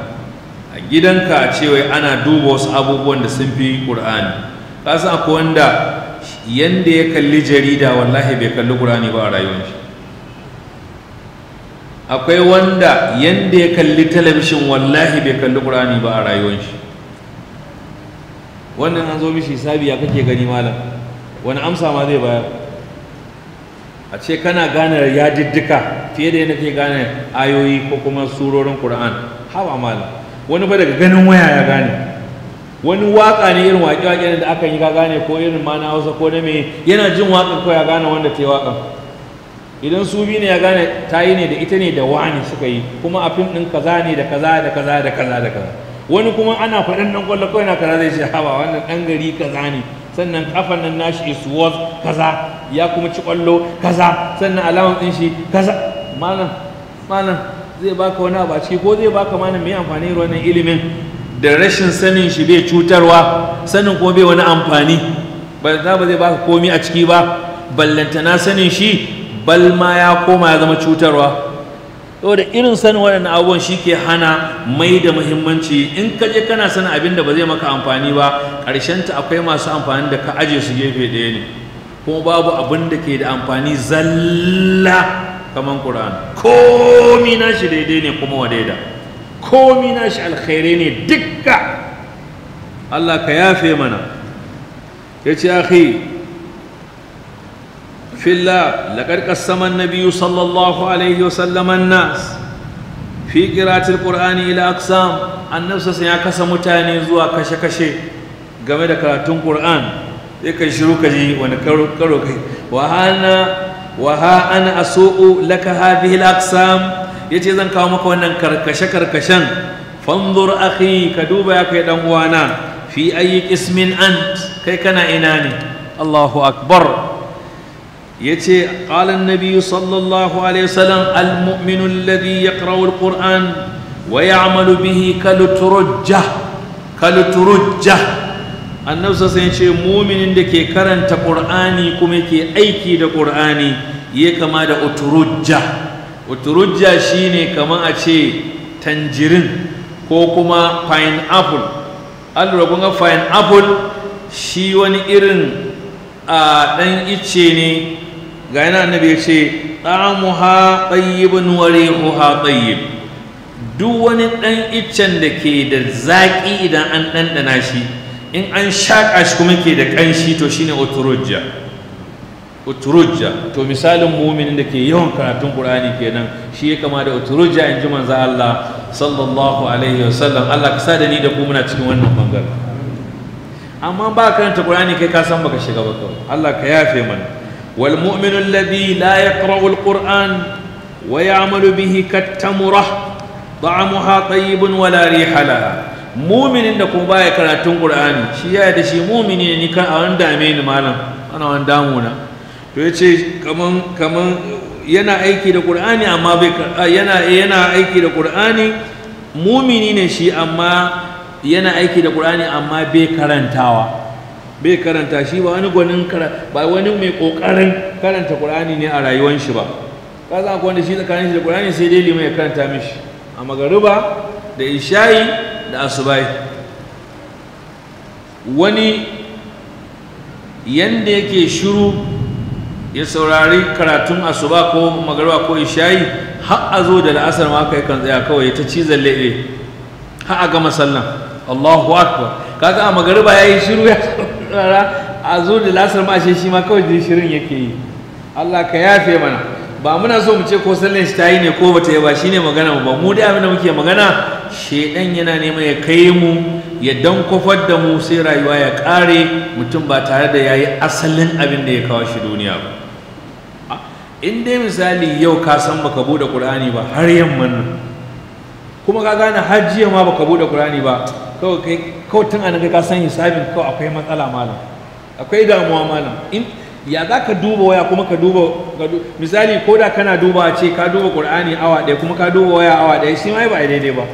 a gidanka a cewa ana duba wasu abubuwan da sun fi qur'ani kasan akwai wanda yanda ya kalli jarida wallahi bai kalli qur'ani ba a rayuwar shi akwai wanda yanda ya kalli talabishin wallahi bai kalli ƙur'ani ba a rayuwar shi wannan an zo mishi sabi ya kake gani malam wani amsa ma zai bayar a ce kana gane diddika fiye da yadda ke gane ayoyi ko kuma surorin ƙur'an haba malam wani ba daga ganin waya ya gane wani waka ne irin waƙe-waƙe da aka yi ka gane ko irin ma na hausa ko na me yana jin waƙan ko ya gane wanda ta yi waƙan idan su biyu ne ya gane ta yi ne da ita ne da wani suka yi kuma a fim ɗin kaza ne da kaza da kaza da kaza da kaza wani kuma ana faɗin ɗan kwallo kawai na kaza zai ce hawa wannan ɗan gari kaza ne sannan kafan nan nashi is was kaza ya kuma ci ƙwallo kaza sannan alamar ɗin shi kaza malam malam zai baka wani abu a ciki ko zai baka malam mai amfani da wannan ilimin da rashin sanin shi bai cutarwa sanin kuma bai wani amfani ba za ba zai baka komi a ciki ba ballantana sanin shi Balma ya koma ya zama cutarwa saboda irin sanin waɗannan abubuwan shi ke hana mai da muhimmanci in ka je kana sanin abin da ba zai maka amfani ba ta akwai masu amfani da ka aje su gefe ɗaya ne kuma babu abin da ke da amfani zalla kamar ƙur'an komi nashi daidai ne kuma wadaida komi nashi alkhairai ne dukka Allah ka yafe mana ya ce akhi في الله لقد قسم النبي صلى الله عليه وسلم الناس في قراءة القرآن إلى أقسام النبي صلى الله عليه زوا game da karatun Qur'an sai ka shiru ka wani karo kai wa hana wa ha ana asu'u laka hadhihi al yace zan kawo maka wannan karkashe karkashen fanzur akhi ka duba ya kai ɗan uwana fi ayi ismin kai kana ina ne Allahu akbar yace qala an-nabi sallallahu alaihi wasallam al-mu'minu alladhi yaqra'u al-qur'an wa ya'malu bihi kaluturujja kaluturujja annabi sai yace mu'minin da ke karanta qur'ani kuma yake aiki da qur'ani ya kama da uturujja uturujja shine kaman a ce tanjirin ko kuma pineapple an lura kun ga pineapple shi wani irin a ɗan ice ne ga yana annabi ya ce ɗamuha ɗayyibin wari ha ɗayyib duk wani ɗan iccen da ke da zaƙi idan an ɗanɗana shi in an shaƙa shi kuma ke da ƙanshi to shine Uturujja. Uturujja. to misalin muminin da ke yawan karatun ƙur'ani kenan shi ya kama da Uturujja, in ji manzo Allah sallallahu alaihi wasallam Allah ka sa da ni da ku muna cikin wannan bangaren amma ba karanta ƙur'ani kai ka san baka shiga ba kawai Allah ka yafe mana والمؤمن الذي لا يقرأ القرآن ويعمل به كالتمرة طعمها طيب ولا ريح لها muminin da kuma baya karatun qur'ani shi ya da shi mumini ne a wani dame to ya ce yana aiki da ƙur'ani amma yana aiki da qur'ani mumini ne shi yana aiki da amma bai karantawa bai karanta shi ba wani gwanin ba wani mai kokarin karanta qur'ani ne a rayuwar shi ba ka za ku wanda shi tsakanin shi da qur'ani sai dai limai ya karanta mishi a magariba da ishayi da asubai wani yanda yake shiru ya saurari karatun asuba ko magariba ko ishayi har a zo da la'asar ma kai kan tsaya kawai ta cizon leɗe har a gama sallan allahu akbar kaga a magariba ya yi shiru ya rara a zo da lasar ma shi ma kawai jin shirin yake yi Allah ka yafe mana ba muna so mu ce ko sallan shi ta yi ne ko bata yi ba shine magana ba mu dai abin da muke magana shedan yana neman ya kai mu ya dankofar da mu sai rayuwa ya kare mutum ba tare da yayi asalin abin da ya kawo shi duniya ba in dai misali yau ka san baka bude qur'ani ba har yamman kuma ka gane hajjiya ma baka bude qur'ani ba kawai kawai tun a naga ka san hisabin kawai akwai matsala malam akwai damuwa malam in ya za ka duba waya kuma ka duba misali ko da kana duba ce ka duba qur'ani awa ɗaya kuma ka duba waya awa ɗaya shi ma ba daidai ba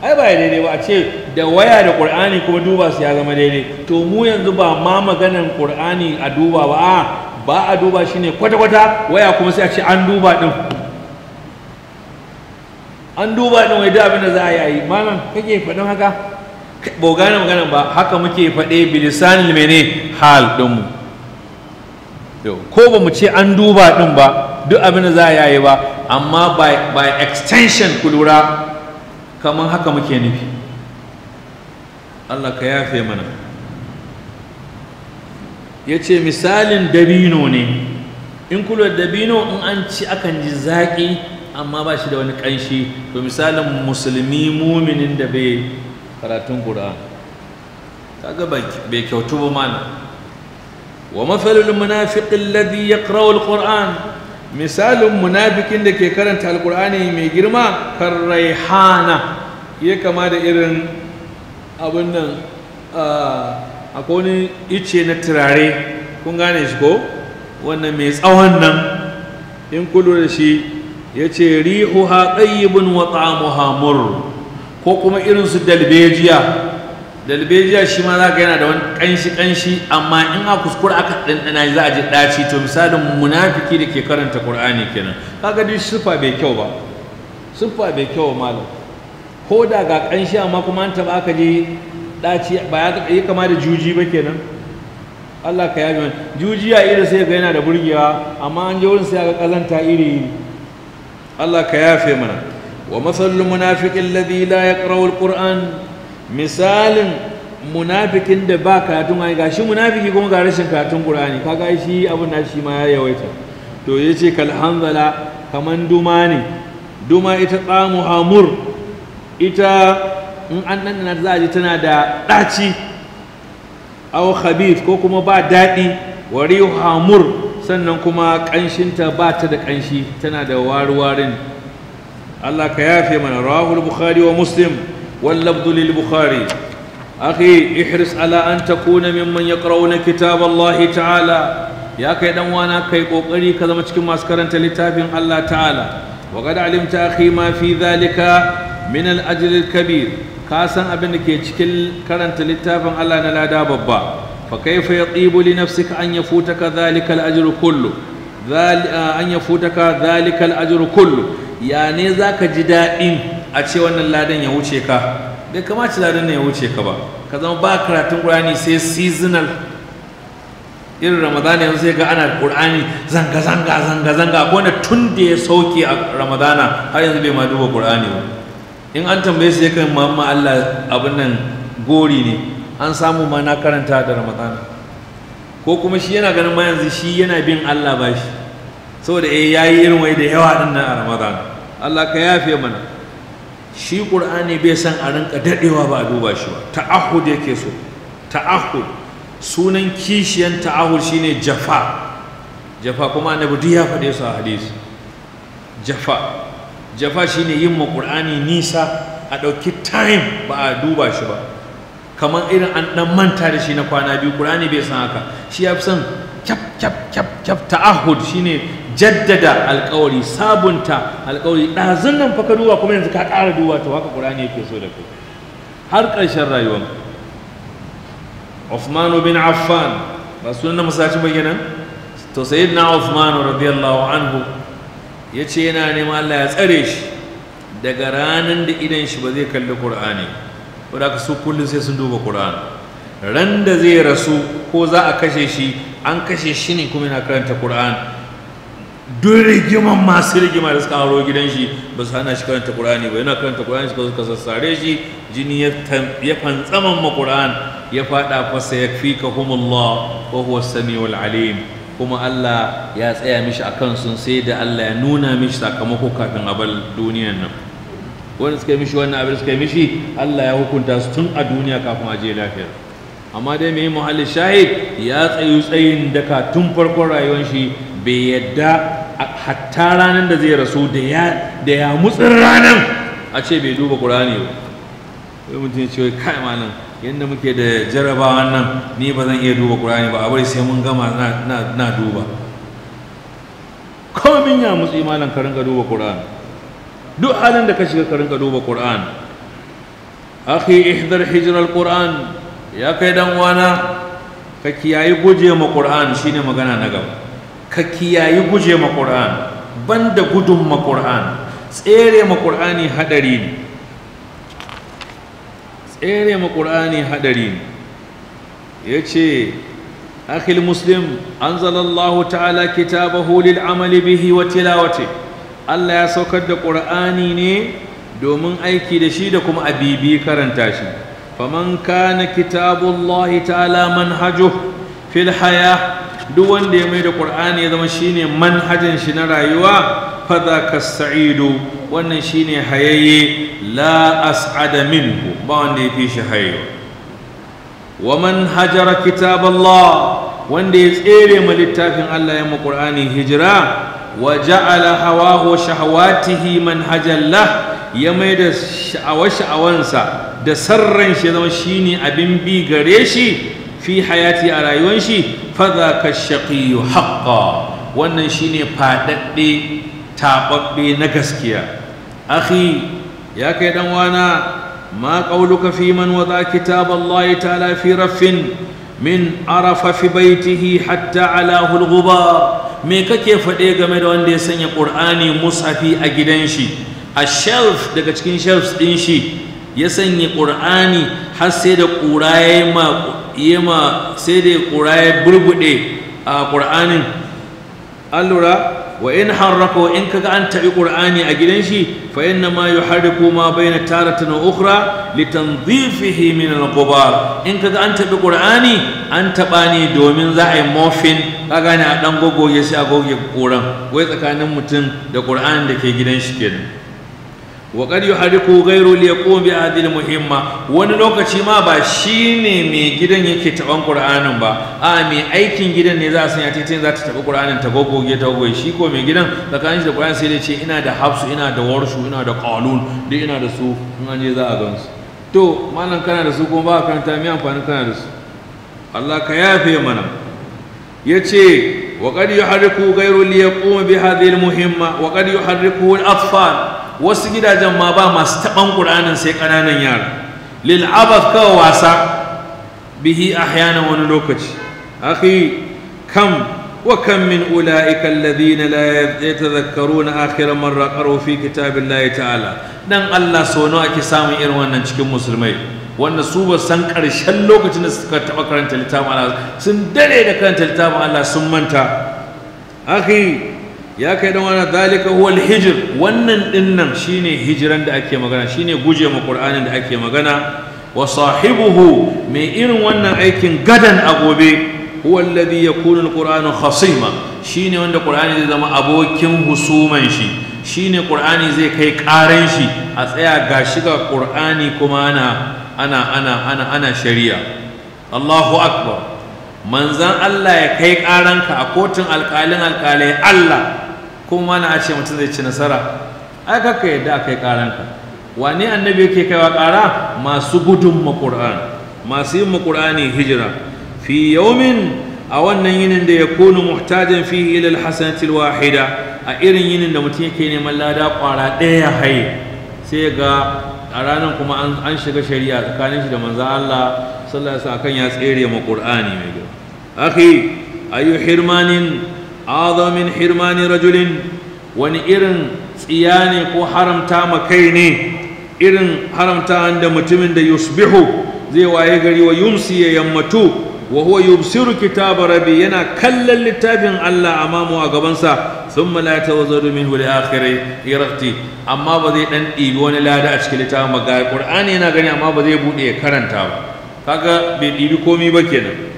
ai ba daidai ba a ce da waya da qur'ani kuma duba su ya zama daidai to mu yanzu ba ma maganan qur'ani a duba ba a ba a duba shi ne kwata-kwata waya kuma sai a ce an duba ɗin an duba ɗin wai da abin da za a yi malam kake faɗin haka bogana magana ba haka muke faɗe bilisan mene hal ɗinmu ko ba mu ce an duba ɗin ba duk abin da za a yayi ba amma by extension ku lura kamar haka muke nufi Allah ka yafe mana ya ce misalin dabino ne in kula dabino in an ci akan ji zaƙi amma ba shi da wani ƙanshi to misalin musulmi muminin da bai karatun Qur'an kaga bai kyautu ba mana wa mafalul munafiqin ladi yaqra'u al-Qur'an misalin munafikin da ke karanta alkur'ani mai girma kan raihana ya kama da irin abun nan a wani ice na turare kun gane shi ko wannan mai tsawon nan in kudu da shi ya ce rihuha ɗayyibin wa ta'amuha ko kuma irin su dalbejiya dalbejiya shi ma za ka yana da wani ƙanshi ƙanshi amma in a kuskura aka ɗanɗana za a ji ɗaci to misalin munafiki da ke karanta ƙur'ani kenan kaga duk siffa bai kyau ba siffa bai kyau ba malam ko da ga ƙanshi amma kuma an taɓa aka je ɗaci ba ya kama da juji ba kenan Allah ka yaji mana jujiya irin sai ga yana da burgewa amma an je wurin sai ga kazanta iri iri Allah ka yafe mana wa matsalin munafikin ladila ya ƙarawar ƙur'an misalin munafikin da ba karatun ƙur'ani ga munafiki kuma ga rashin karatun ƙur'ani kaga shi abin da ma ya yawaita to yace ce kalhanzala kamar duma ne duma ita tsamu hamur ita in an ɗanɗana za a ji tana da ɗaci aw khabith ko kuma ba daɗi wari hamur sannan kuma ƙanshinta ba ta da ƙanshi tana da warwarin Allah ka yafe mana rahul bukhari wa muslim wallabdulil bukhari akhi ihris ala an takuna mimman yaqrauna kitab Allah ta'ala ya kai ɗanwana kai ƙoƙari ka zama cikin masu karanta littafin Allah ta'ala wa kad alimta akhi ma fi dhalika min kabir ka san abin da ke cikin karanta littafin Allah na lada babba fa kayfa yatibu li nafsika an yafutaka dhalika al ajr kullu dhal kullu ya ne za ka ji daɗin a ce wannan ladan ya wuce ka bai kamaci ladan ya wuce ka ba ka zama ba karatun ƙur'ani sai seasonal irin ramadana yanzu sai ga ana ƙur'ani zanga zanga zanga zanga ko wanda tun da ya sauke a ramadana har yanzu bai ma duba ƙur'ani ba in an tambaye su yakan mamma Allah abin nan gori ne an samu ma na karanta da ramadana ko kuma shi yana ganin ma yanzu shi yana bin Allah ba shi saboda eh yi irin wai da yawa ɗin nan a ramadana Allah ka yafe mana shi ƙur'ani bai san a rinka daɗewa ba a duba shi ba ta'ahud yake so ta'ahud sunan kishiyan ta'ahud shine jafa jafa kuma annabi duk ya faɗe su a hadisi jafa jafa shine yin ma ƙur'ani nisa a ɗauki time ba a duba shi ba kamar irin an ɗan manta da shi na kwana biyu ƙur'ani bai san haka shi ya fi son kyaf kyaf ta ahud ta'ahud shine jaddada alƙawari sabunta alƙawari ɗazun nan fa ka duba kuma yanzu ka ƙara duba to haka ƙur'ani ke so da ku har ƙarshen rayuwar Uthman bin Affan ba sunan masaci bayyana to sayyidina Uthman radiyallahu anhu ya ce yana neman Allah ya tsare shi daga ranar da idan shi ba zai kalli Qur'ani ko da kullum sai sun duba Qur'ani ran da zai rasu ko za a kashe shi an kashe shi ne kuma yana karanta Qur'an duk rigima masu rigima da suka haro gidan shi ba su hana shi karanta Qur'ani ba yana karanta Qur'ani suka suka sassare shi jini ya fantsaman ma Qur'an ya fada fasa ya fi ka humullah wa huwa samiul alim kuma Allah ya tsaya mishi kan sun sai da Allah ya nuna mishi sakamako kafin a bar duniyan nan wanda suka yi mishi wannan abin suka yi mishi Allah ya hukunta su tun a duniya kafin a je lafiya amma dai mai muhallin shahid ya tsayu tsayin daka tun farkon rayuwar shi bai yadda hatta ranar da zai rasu da ya mutsin ranar a ce bai duba ƙurani ba wai mutum ce kai malam yadda muke da jarabawan nan ni ba zan iya duba ƙurani ba a bari sai mun gama na duba kawai min ya mutsi malam ka rinka duba ƙurani duk halin da ka shiga ka rinka duba ƙurani akhi ihdar hijrar ƙur'an. ya kai dan wana ka kiyayi ma qur'an shine magana na gaba ka kiyayi gujema qur'an banda gudun ma qur'an tsere ma qur'ani hadari ne tsere ma qur'ani hadari ne yace akhil muslim anzalallahu ta'ala kitabahu lil amali bihi wa tilawati Allah ya saukar da qur'ani ne domin aiki da shi da kuma abibi karanta shi faman kana kitabullahi ta'ala manhajuh filhaya duk wanda ya mai da ƙur'ani ya zama shine manhajin shi na rayuwa fadha kasa'idu wannan shine hayayye la as'ada minhu wa manhajar hajara kitaballah wanda ya tsere ma littafin Allah ya mu ƙur'ani hijira wa hawa hawahu shahawatihi manhajar lahu ya mai da sha'awa-sha'awansa da sarran shi zama shi ne abin bi gare shi fi hayati a rayuwan shi faza ka shaƙiyu haƙƙa wannan shi ne faɗaɗɗe taɓaɓɓe na gaskiya akhi ya kai ɗan wana ma ƙauluka fi man waza kitab Allah ta'ala fi raffin min arafa fi baitihi hatta ala hulguba me kake faɗe game da wanda ya sanya ƙur'ani musafi a gidan shi a shelf daga cikin shelves ɗin shi ya sanya ƙur'ani har sai da ƙura ya ma sai da ƙura ya a ƙur'anin an lura wa in harraka in kaga an taɓi ƙur'ani a gidan shi fa na ma yi yuharriku ma baina tara tara ukhra li tanzifihi min na gubar in kaga an taɓi ƙur'ani an taɓa ne domin za a yi morphine ka gane a ɗan gogoge ya a goge ƙuran wai tsakanin mutum da ƙur'anin da ke gidan shi kenan wa qad yuhariku ghayru li yaqum bi hadhihi muhimma wani lokaci ma ba shine mai gidan yake taban qur'anin ba a mai aikin gidan ne za a sanya titin za ta tabi qur'anin ta gogoge ta gogoge shi ko mai gidan tsakanin shi da qur'ani sai dai ce ina da hafsu ina da warshu ina da qalun duk ina da su in an je za a gansu to malam kana da su kuma ba karanta mai amfani kana da su Allah ka yafe mana yace وقد يحركه غير ليقوم بهذه المهمة وقد يحركه الأطفال wasu gidajen ma ba masu taɓan ƙuranin sai ƙananan yara lil abaf kawai wasa bihi ahyana wani lokaci akhi kam wa kam min ulaika alladhina la yatadhakkaruna akhira marra qaru fi kitabillahi ta'ala dan Allah sau nawa ake samun irin wannan cikin musulmai wanda su ba san ƙarshen lokacin da suka taɓa karanta littafin Allah sun dare da karanta littafin Allah sun manta akhi ya kai dan wannan zalika huwa hijir wannan dinnan shine hijiran da ake magana shine guje ma qur'anin da ake magana wa sahibuhu mai irin wannan aikin gadan a gobe huwa alladhi yakunu alqur'anu khasima shine wanda qur'ani zai zama abokin husuman shi shine qur'ani zai kai ƙaran shi a tsaya ga qur'ani kuma ana ana ana ana ana shari'a Allahu akbar manzan Allah ya kai ƙaranka a kotun alƙalin alƙalai Allah kuma na a ce mutum zai ci nasara ai kaka yadda a kai ƙaranka wane annabi yake kaiwa ƙara masu gudun maƙur'an masu yin maƙur'ani hijira fi yawmin a wannan yinin da ya kunu muhtajin fi ila alhasanatil wahida a irin yinin da mutum yake neman lada ƙwara ɗaya haye sai ga a ranar kuma an shiga shari'a tsakanin shi da manzan Allah sallallahu alaihi wasallam ya tsere ma Qur'ani mai akhi ayu hirmanin azam min rajulin wani irin tsiya ne ko haramta ma kai ne irin haramta da mutumin da yusbihu zai waye gari wa yumsi ya yammatu wa huwa kitaba rabi yana kallon littafin Allah amamu a gabansa thumma la yatawazzaru minhu li akhiri irati amma ba zai dan ɗibi wani lada a cikin littafin ba ga yana gani amma ba zai bude ya karanta ba kaga bai ɗibi komi ba kenan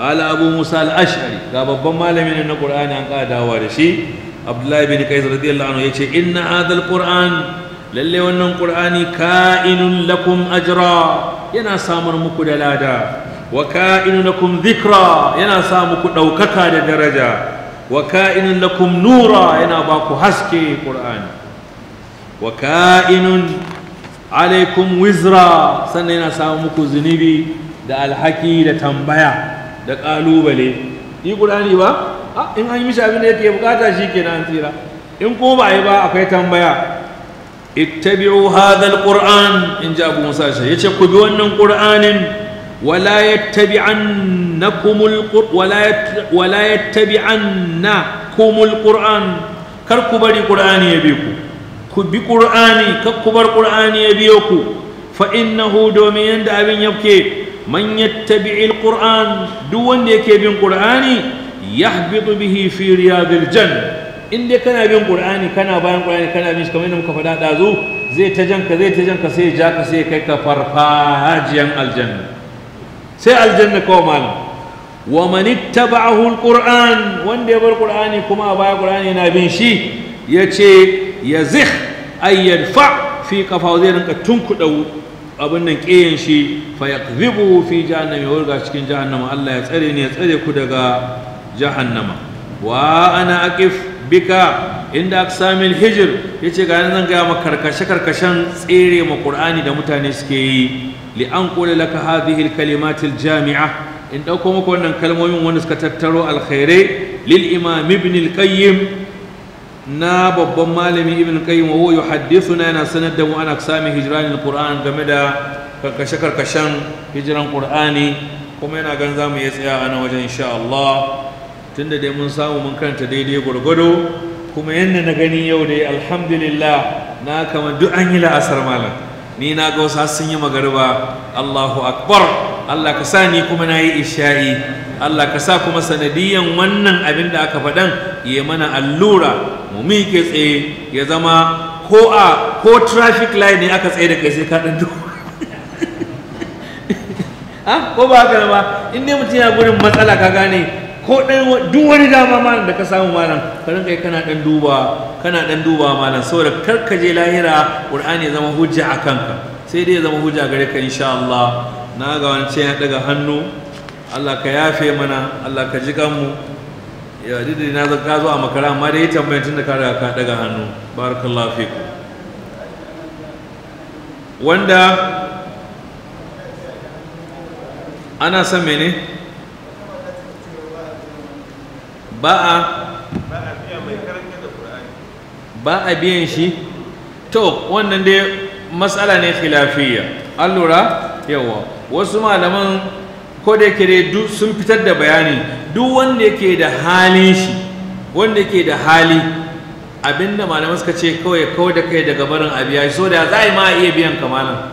qala abu musa al-ash'ari ga babban malamin na qur'ani an kadawa da shi abdullahi bin qais radiyallahu anhu yace inna hadha al-qur'an lalle wannan qur'ani ka'inun lakum ajra yana samar muku da lada wa ka'inun lakum yana sa muku ɗaukaka da daraja wa ka'inun nura yana baku haske qur'ani wa ka'inun alaikum wizra sannan yana samu muku zunubi da alhaki da tambaya da ƙalubale yi ƙurani ba ah, in an yi mishi abin da yake bukata shi ke na tsira in ko ba yi ba akwai tambaya ittabi'u hadhal qur'an in ji abu musa shi yace ku bi wannan qur'anin wala yattabi'annakumul wala wala yattabi'annakumul qur'an kar ku bari qur'ani ya bi ku ku bi qur'ani kar ku bar qur'ani ya bi ku fa innahu domin yanda abin yake man yattabi'i alquran duk wanda yake bin qur'ani yahbitu bihi fi riyadil janna in dai kana bin qur'ani kana bayan qur'ani kana bin shi kamar yadda muka faɗa ɗazu zai ta janka zai ta janka sai ja ka sai kai ka farfajiyan aljanna sai aljanna kawai malam wa man ittaba'ahu alquran wanda ya bar qur'ani kuma a baya qur'ani yana bin shi yace yazih ay yadfa fi qafa zai rinka tunkuda abin nan ƙiyan shi fa yaqdhibu fi jahannama ya wurga cikin jahannama Allah ya tsare ni ya tsare ku daga jahannama wa ana aqif bika inda aksamil hijir yace ga nan ga ma karkashe karkashen tsere ma Qur'ani da mutane suke yi li an qula laka hadhihi al kalimat al jami'a in ɗauko muku wannan kalmomin wanda suka tattaro alkhairai lil imam ibn al qayyim na babban malami ibn qayyim wa yuhaddithuna yana sanar da mu ana aksami hijranil game da karkashe karkashen hijiran qur'ani kuma yana gan zamu yi tsaya a nan wajen insha Allah tunda dai mun samu mun karanta daidai gwargwado. kuma yadda na gani yau dai alhamdulillah na kama duk an yi la'asar malam ni na ga wasu sun yi magariba Allahu akbar Allah ka sa ni kuma na yi isha'i Allah ka sa kuma sanadiyan wannan abin da aka faɗan ya mana allura mu miƙe tsaye ya zama ko a ko traffic light ne aka tsaye da kai sai ka ɗan ha ah, ko ba haka ba in dai mutum ya gurin matsala ka gane ko ɗan duk wani dama malam da ka samu malam ka rinka kana ɗan duba kana ɗan duba malam saboda kar ka je lahira ƙur'ani ya zama hujja a kanka sai dai ya zama hujja gare ka insha Allah na ga wani ce ya daga hannu Allah ka yafe mana Allah ka ji kanmu ya didi na zo ka zo a makara amma dai tambayin tunda ka riga ka daga hannu barakallahu fiku wanda ana son mene ba a ba a biyan shi to wannan dai matsala ne khilafiyya an lura yawa wasu malaman ko da yake duk sun fitar da bayani duk wanda yake da halin shi wanda yake da hali abinda malaman suka ce kawai kawai da kai daga barin abu ya so da za a yi ma iya biyan kamalan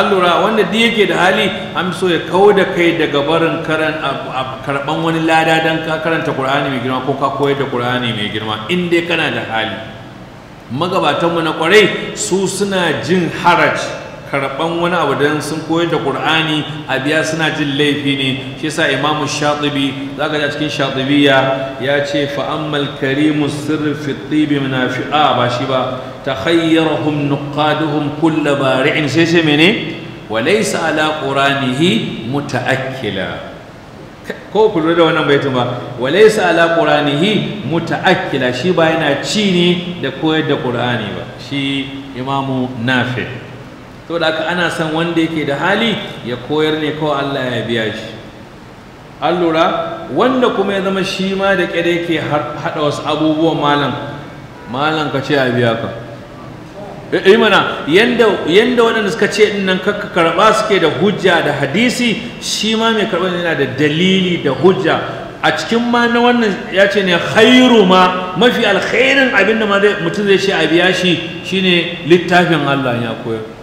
an lura wanda duk yake da hali an so ya kawo da kai daga barin karɓan wani lada don ka karanta ƙur'ani mai girma ko ka koyar da ƙur'ani mai girma in dai kana da hali magabatanmu na ƙwarai su suna jin haraj. karɓan wani abu don sun koyar da ƙur'ani a biya suna jin laifi ne shi sa imamu shatibi za ka a cikin shatibiya ya ce fa'ammal karimu sirri fitibi munafi'a ba shi ba ta khayyarhum nuqaduhum kulla bari'in sai sai mene wa laysa ala quranihi muta'akkila ko ku lura da wannan baitin ba wa laysa ala quranihi muta'akkila shi ba yana ci ne da koyar da qur'ani ba shi imamu nafi' to da haka ana son wanda yake da hali ya koyar ne kawai Allah ya biya shi an lura wanda kuma ya zama shi ma da ƙyar yake haɗa wasu abubuwan malam malam ka ce a biya ka eh, eh mana yanda waɗanda suka ce ɗin nan kakka karɓa suke da hujja da hadisi shi ma mai karɓar yana da dalili da hujja a cikin ma na wannan ya ce ne khairu ma mafi alkhairin abinda mutum zai ce a biya shi shine littafin Allah ya koyar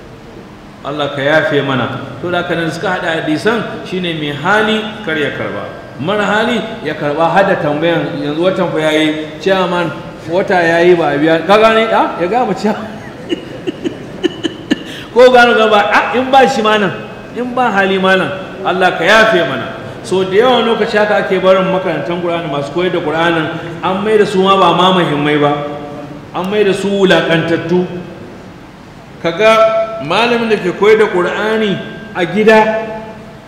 Allah ka yafe mana to da kanan suka hada hadisan shine mai hali kar ya karba mar hali ya karba hada tambayan yanzu watan fa yayi chairman wata yayi ba biya ka gane a ya ga mace ko gano gaba a in ba shi manan in ba hali manan Allah ka yafe mana so da yawan lokaci haka ake barin makarantar Qur'ani masu koyar da Qur'ani an mai da su ma ba ma muhimmai ba an mai da su wulakantattu kaga malamin da ke koyar da ƙur'ani a gida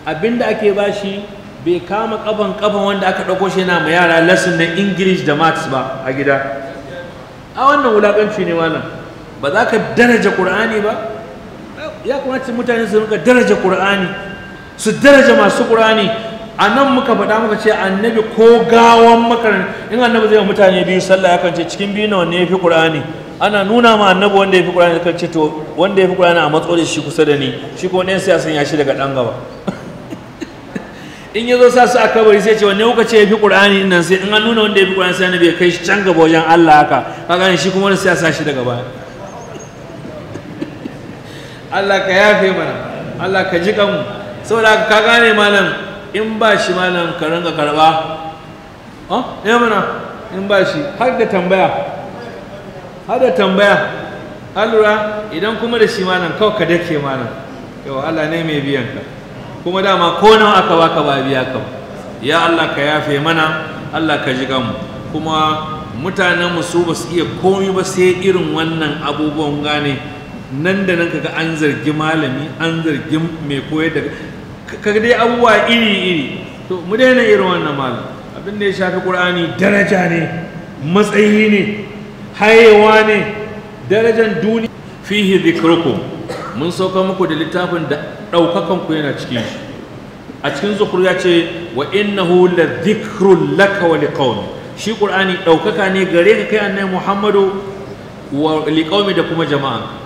abinda ake ba shi bai kama kaban kaban wanda aka ɗauko shi yana ma yara lesson na english da maths ba a gida a wannan wulaƙanci ne malam ba za ka daraja ƙur'ani ba ya kamata mutane su rinka daraja ƙur'ani su daraja masu ƙur'ani a nan muka faɗa muka ce annabi ko gawan makarantar in annabi zai mutane biyu sallah ya ce cikin biyu na wanne ya fi ƙur'ani ana nuna ma annabi wanda ya fi ƙur'ani da ce to wanda ya fi ƙur'ani a matsori shi kusa da ni shi ko ɗan sai a ya shi daga ɗan gaba in ya zo sa su a kabari sai ce wanne kuka ce ya fi ƙur'ani nan sai in an nuna wanda ya fi ƙur'ani sai annabi ya kai shi can gaba wajen Allah haka kaga shi kuma wani sai ya sa shi daga baya Allah ka yafe mana Allah ka ji kanmu saboda ka gane malam in ba shi malam ka ranga karba ha ne eh mana in ba shi har da tambaya hada tambaya alura idan kuma da shi malam kawai ka dake malam yau Allah ne mai biyan ka kuma dama ko nawa aka baka ba biya ka ya Allah ka yafe mana Allah ka ji mu kuma mutanen mu su basu iya komi ba sai irin wannan abubuwan gane nan da nan kaga an zargi malami an zargi mai koyar da ka dai abubuwa iri iri to mu daina irin wannan malam abin da ya shafi qur'ani daraja ne matsayi ne hayewa ne darajar duniya fihi zikrukum mun sauka muku da littafin da ɗaukakan ku yana cikin shi a cikin zukur ya ce wa innahu la zikrun laka wa liqawmi shi qur'ani ɗaukaka ne gare ka kai annabi muhammadu wa liqawmi da kuma jama'a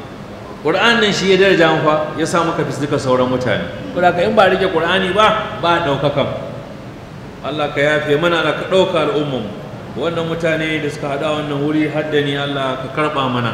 Qur'an nan shi ya daraja mu fa ya sa muka fi duka sauran mutane kuma in ba rike Qur'ani ba ba ɗaukakan Allah ka yafe mana ka ɗauka al'ummar wannan mutane da suka hada wannan wuri haddani Allah ka karba mana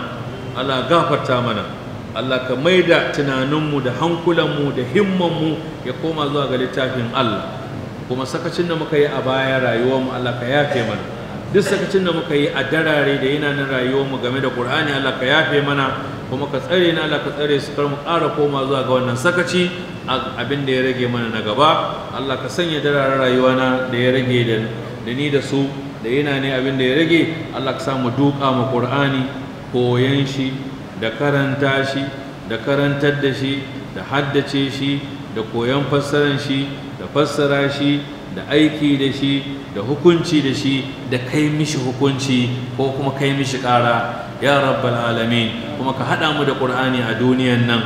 Allah gafarta mana Allah ka maida tunaninmu da hankulanmu da himmanmu ya koma zuwa ga littafin Allah kuma sakacin da muka yi a baya rayuwarmu Allah ka yafe mana duk sakacin da muka yi a darare da yana nan rayuwarmu game da Qur'ani Allah ka yafe mana kuma ka tsare na Allah ka tsare su kar mu ƙara koma zuwa ga wannan sakaci abin da ya rage mana na gaba Allah ka sanya dararen rayuwana da ya rage da ni da su da yana ne abin da ya rage Allah ka samu duka ma Qur'ani koyan shi da karanta shi da karantar da shi da haddace shi da koyan fassaran shi da fassara shi da aiki da shi da hukunci da shi da kai mishi hukunci ko kuma kai mishi ƙara ya rabbal alamin kuma ka haɗa mu da ƙur'ani a duniyan nan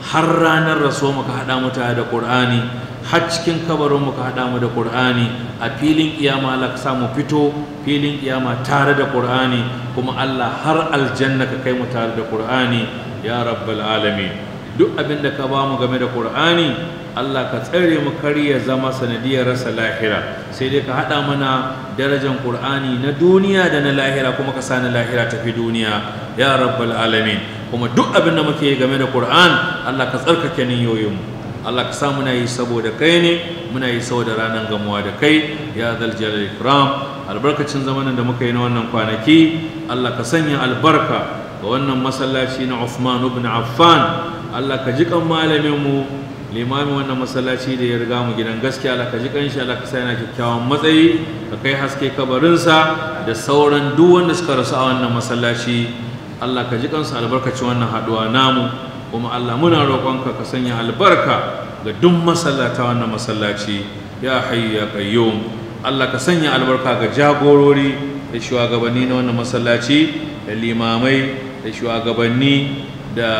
har ranar raso mu ka haɗa mu ta da ƙur'ani har cikin kabarinmu ka haɗa mu da ƙur'ani a filin ƙiyama Allah ka samu fito filin ƙiyama tare da ƙur'ani kuma Allah har aljanna ka kai mu tare da ƙur'ani ya rabbal alamin duk abin da ka bamu game da ƙur'ani Allah ka tsare mu karya zama sanadiyar rasa lahira sai dai ka haɗa mana darajar ƙur'ani na duniya da na lahira kuma ka sa na lahira tafi duniya ya rabbal alamin kuma duk abin da muke game da Qur'an Allah ka tsarkake niyoyinmu Allah ka sa muna yi saboda kai ne muna yi saboda ranar gamuwa da kai ya zal jalal ikram albarkacin zamanin da muka yi na wannan kwanaki Allah ka sanya albarka ga wannan masallaci na Uthman ibn Affan Allah ka ji kan malamin mu limamin wannan masallaci da ya riga mu gidan gaskiya Allah ka ji shi Allah ka sa yana kyakkyawan matsayi ka kai haske kabarinsa da sauran duk wanda suka rasu a wannan masallaci Allah ka ji kansu albarkacin wannan haduwa namu kuma Allah muna roƙonka ka sanya albarka ga duk masallata wannan masallaci ya hayyu ya qayyum Allah ka sanya albarka ga jagorori da shugabanni na wannan masallaci da limamai da shugabanni da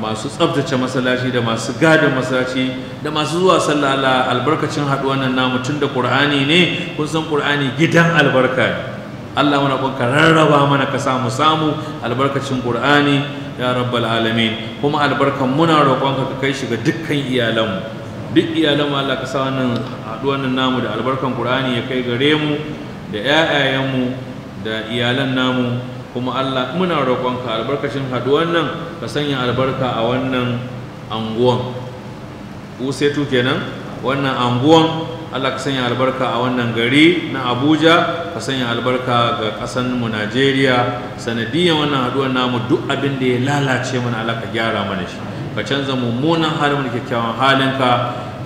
masu tsabtace masallaci da masu gadin masallaci da masu zuwa sallah Allah albarkacin haɗu wannan namu tun da Qur'ani ne kun san Qur'ani gidan albarka Allah muna ka rarraba mana ka samu samu albarkacin Qur'ani ya rabbal alamin kuma albarkan muna roƙonka ka kai shi ga dukkan iyalanmu duk iyalanmu Allah ka sa wannan haduwan namu da albarkan Qur'ani ya kai gare mu da ƴaƴayenmu da iyalan namu kuma Allah muna roƙonka albarkacin haduwan nan ka sanya albarka a wannan anguwan usetu kenan wannan anguwan Allah ka sanya albarka a wannan gari na Abuja ka sanya albarka ga ƙasar mu Najeriya sanadiyan wannan haduwar namu duk abin da ya lalace mana Allah ka gyara mana shi ka canza mummunan halin da kyakkyawan halinka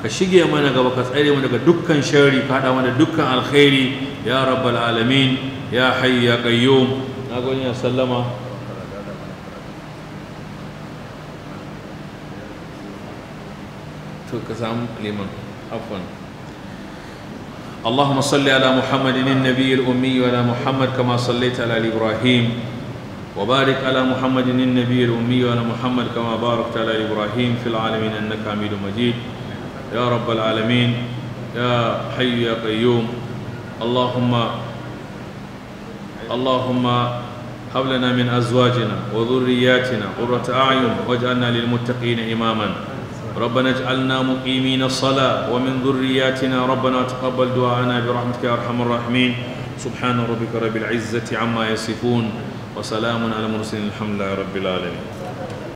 ka shige mana gaba ka tsare mu daga dukkan sharri ka hada mana dukkan alkhairi ya rabbal alamin ya hayy ya qayyum na ya sallama to ka samu liman afwan اللهم صل على محمد النبي الأمي وعلى محمد كما صليت على إبراهيم وبارك على محمد النبي الأمي وعلى محمد كما باركت على إبراهيم في العالمين أنك حميد مجيد يا رب العالمين يا حي يا قيوم اللهم اللهم هب لنا من أزواجنا وذرياتنا قرة أعين واجعلنا للمتقين إماماً ربنا اجعلنا مقيمين الصلاة ومن ذرياتنا ربنا تقبل دعاءنا برحمتك يا أرحم الراحمين سبحان ربك رب العزة عما يصفون وسلام على المرسلين الحمد لله رب العالمين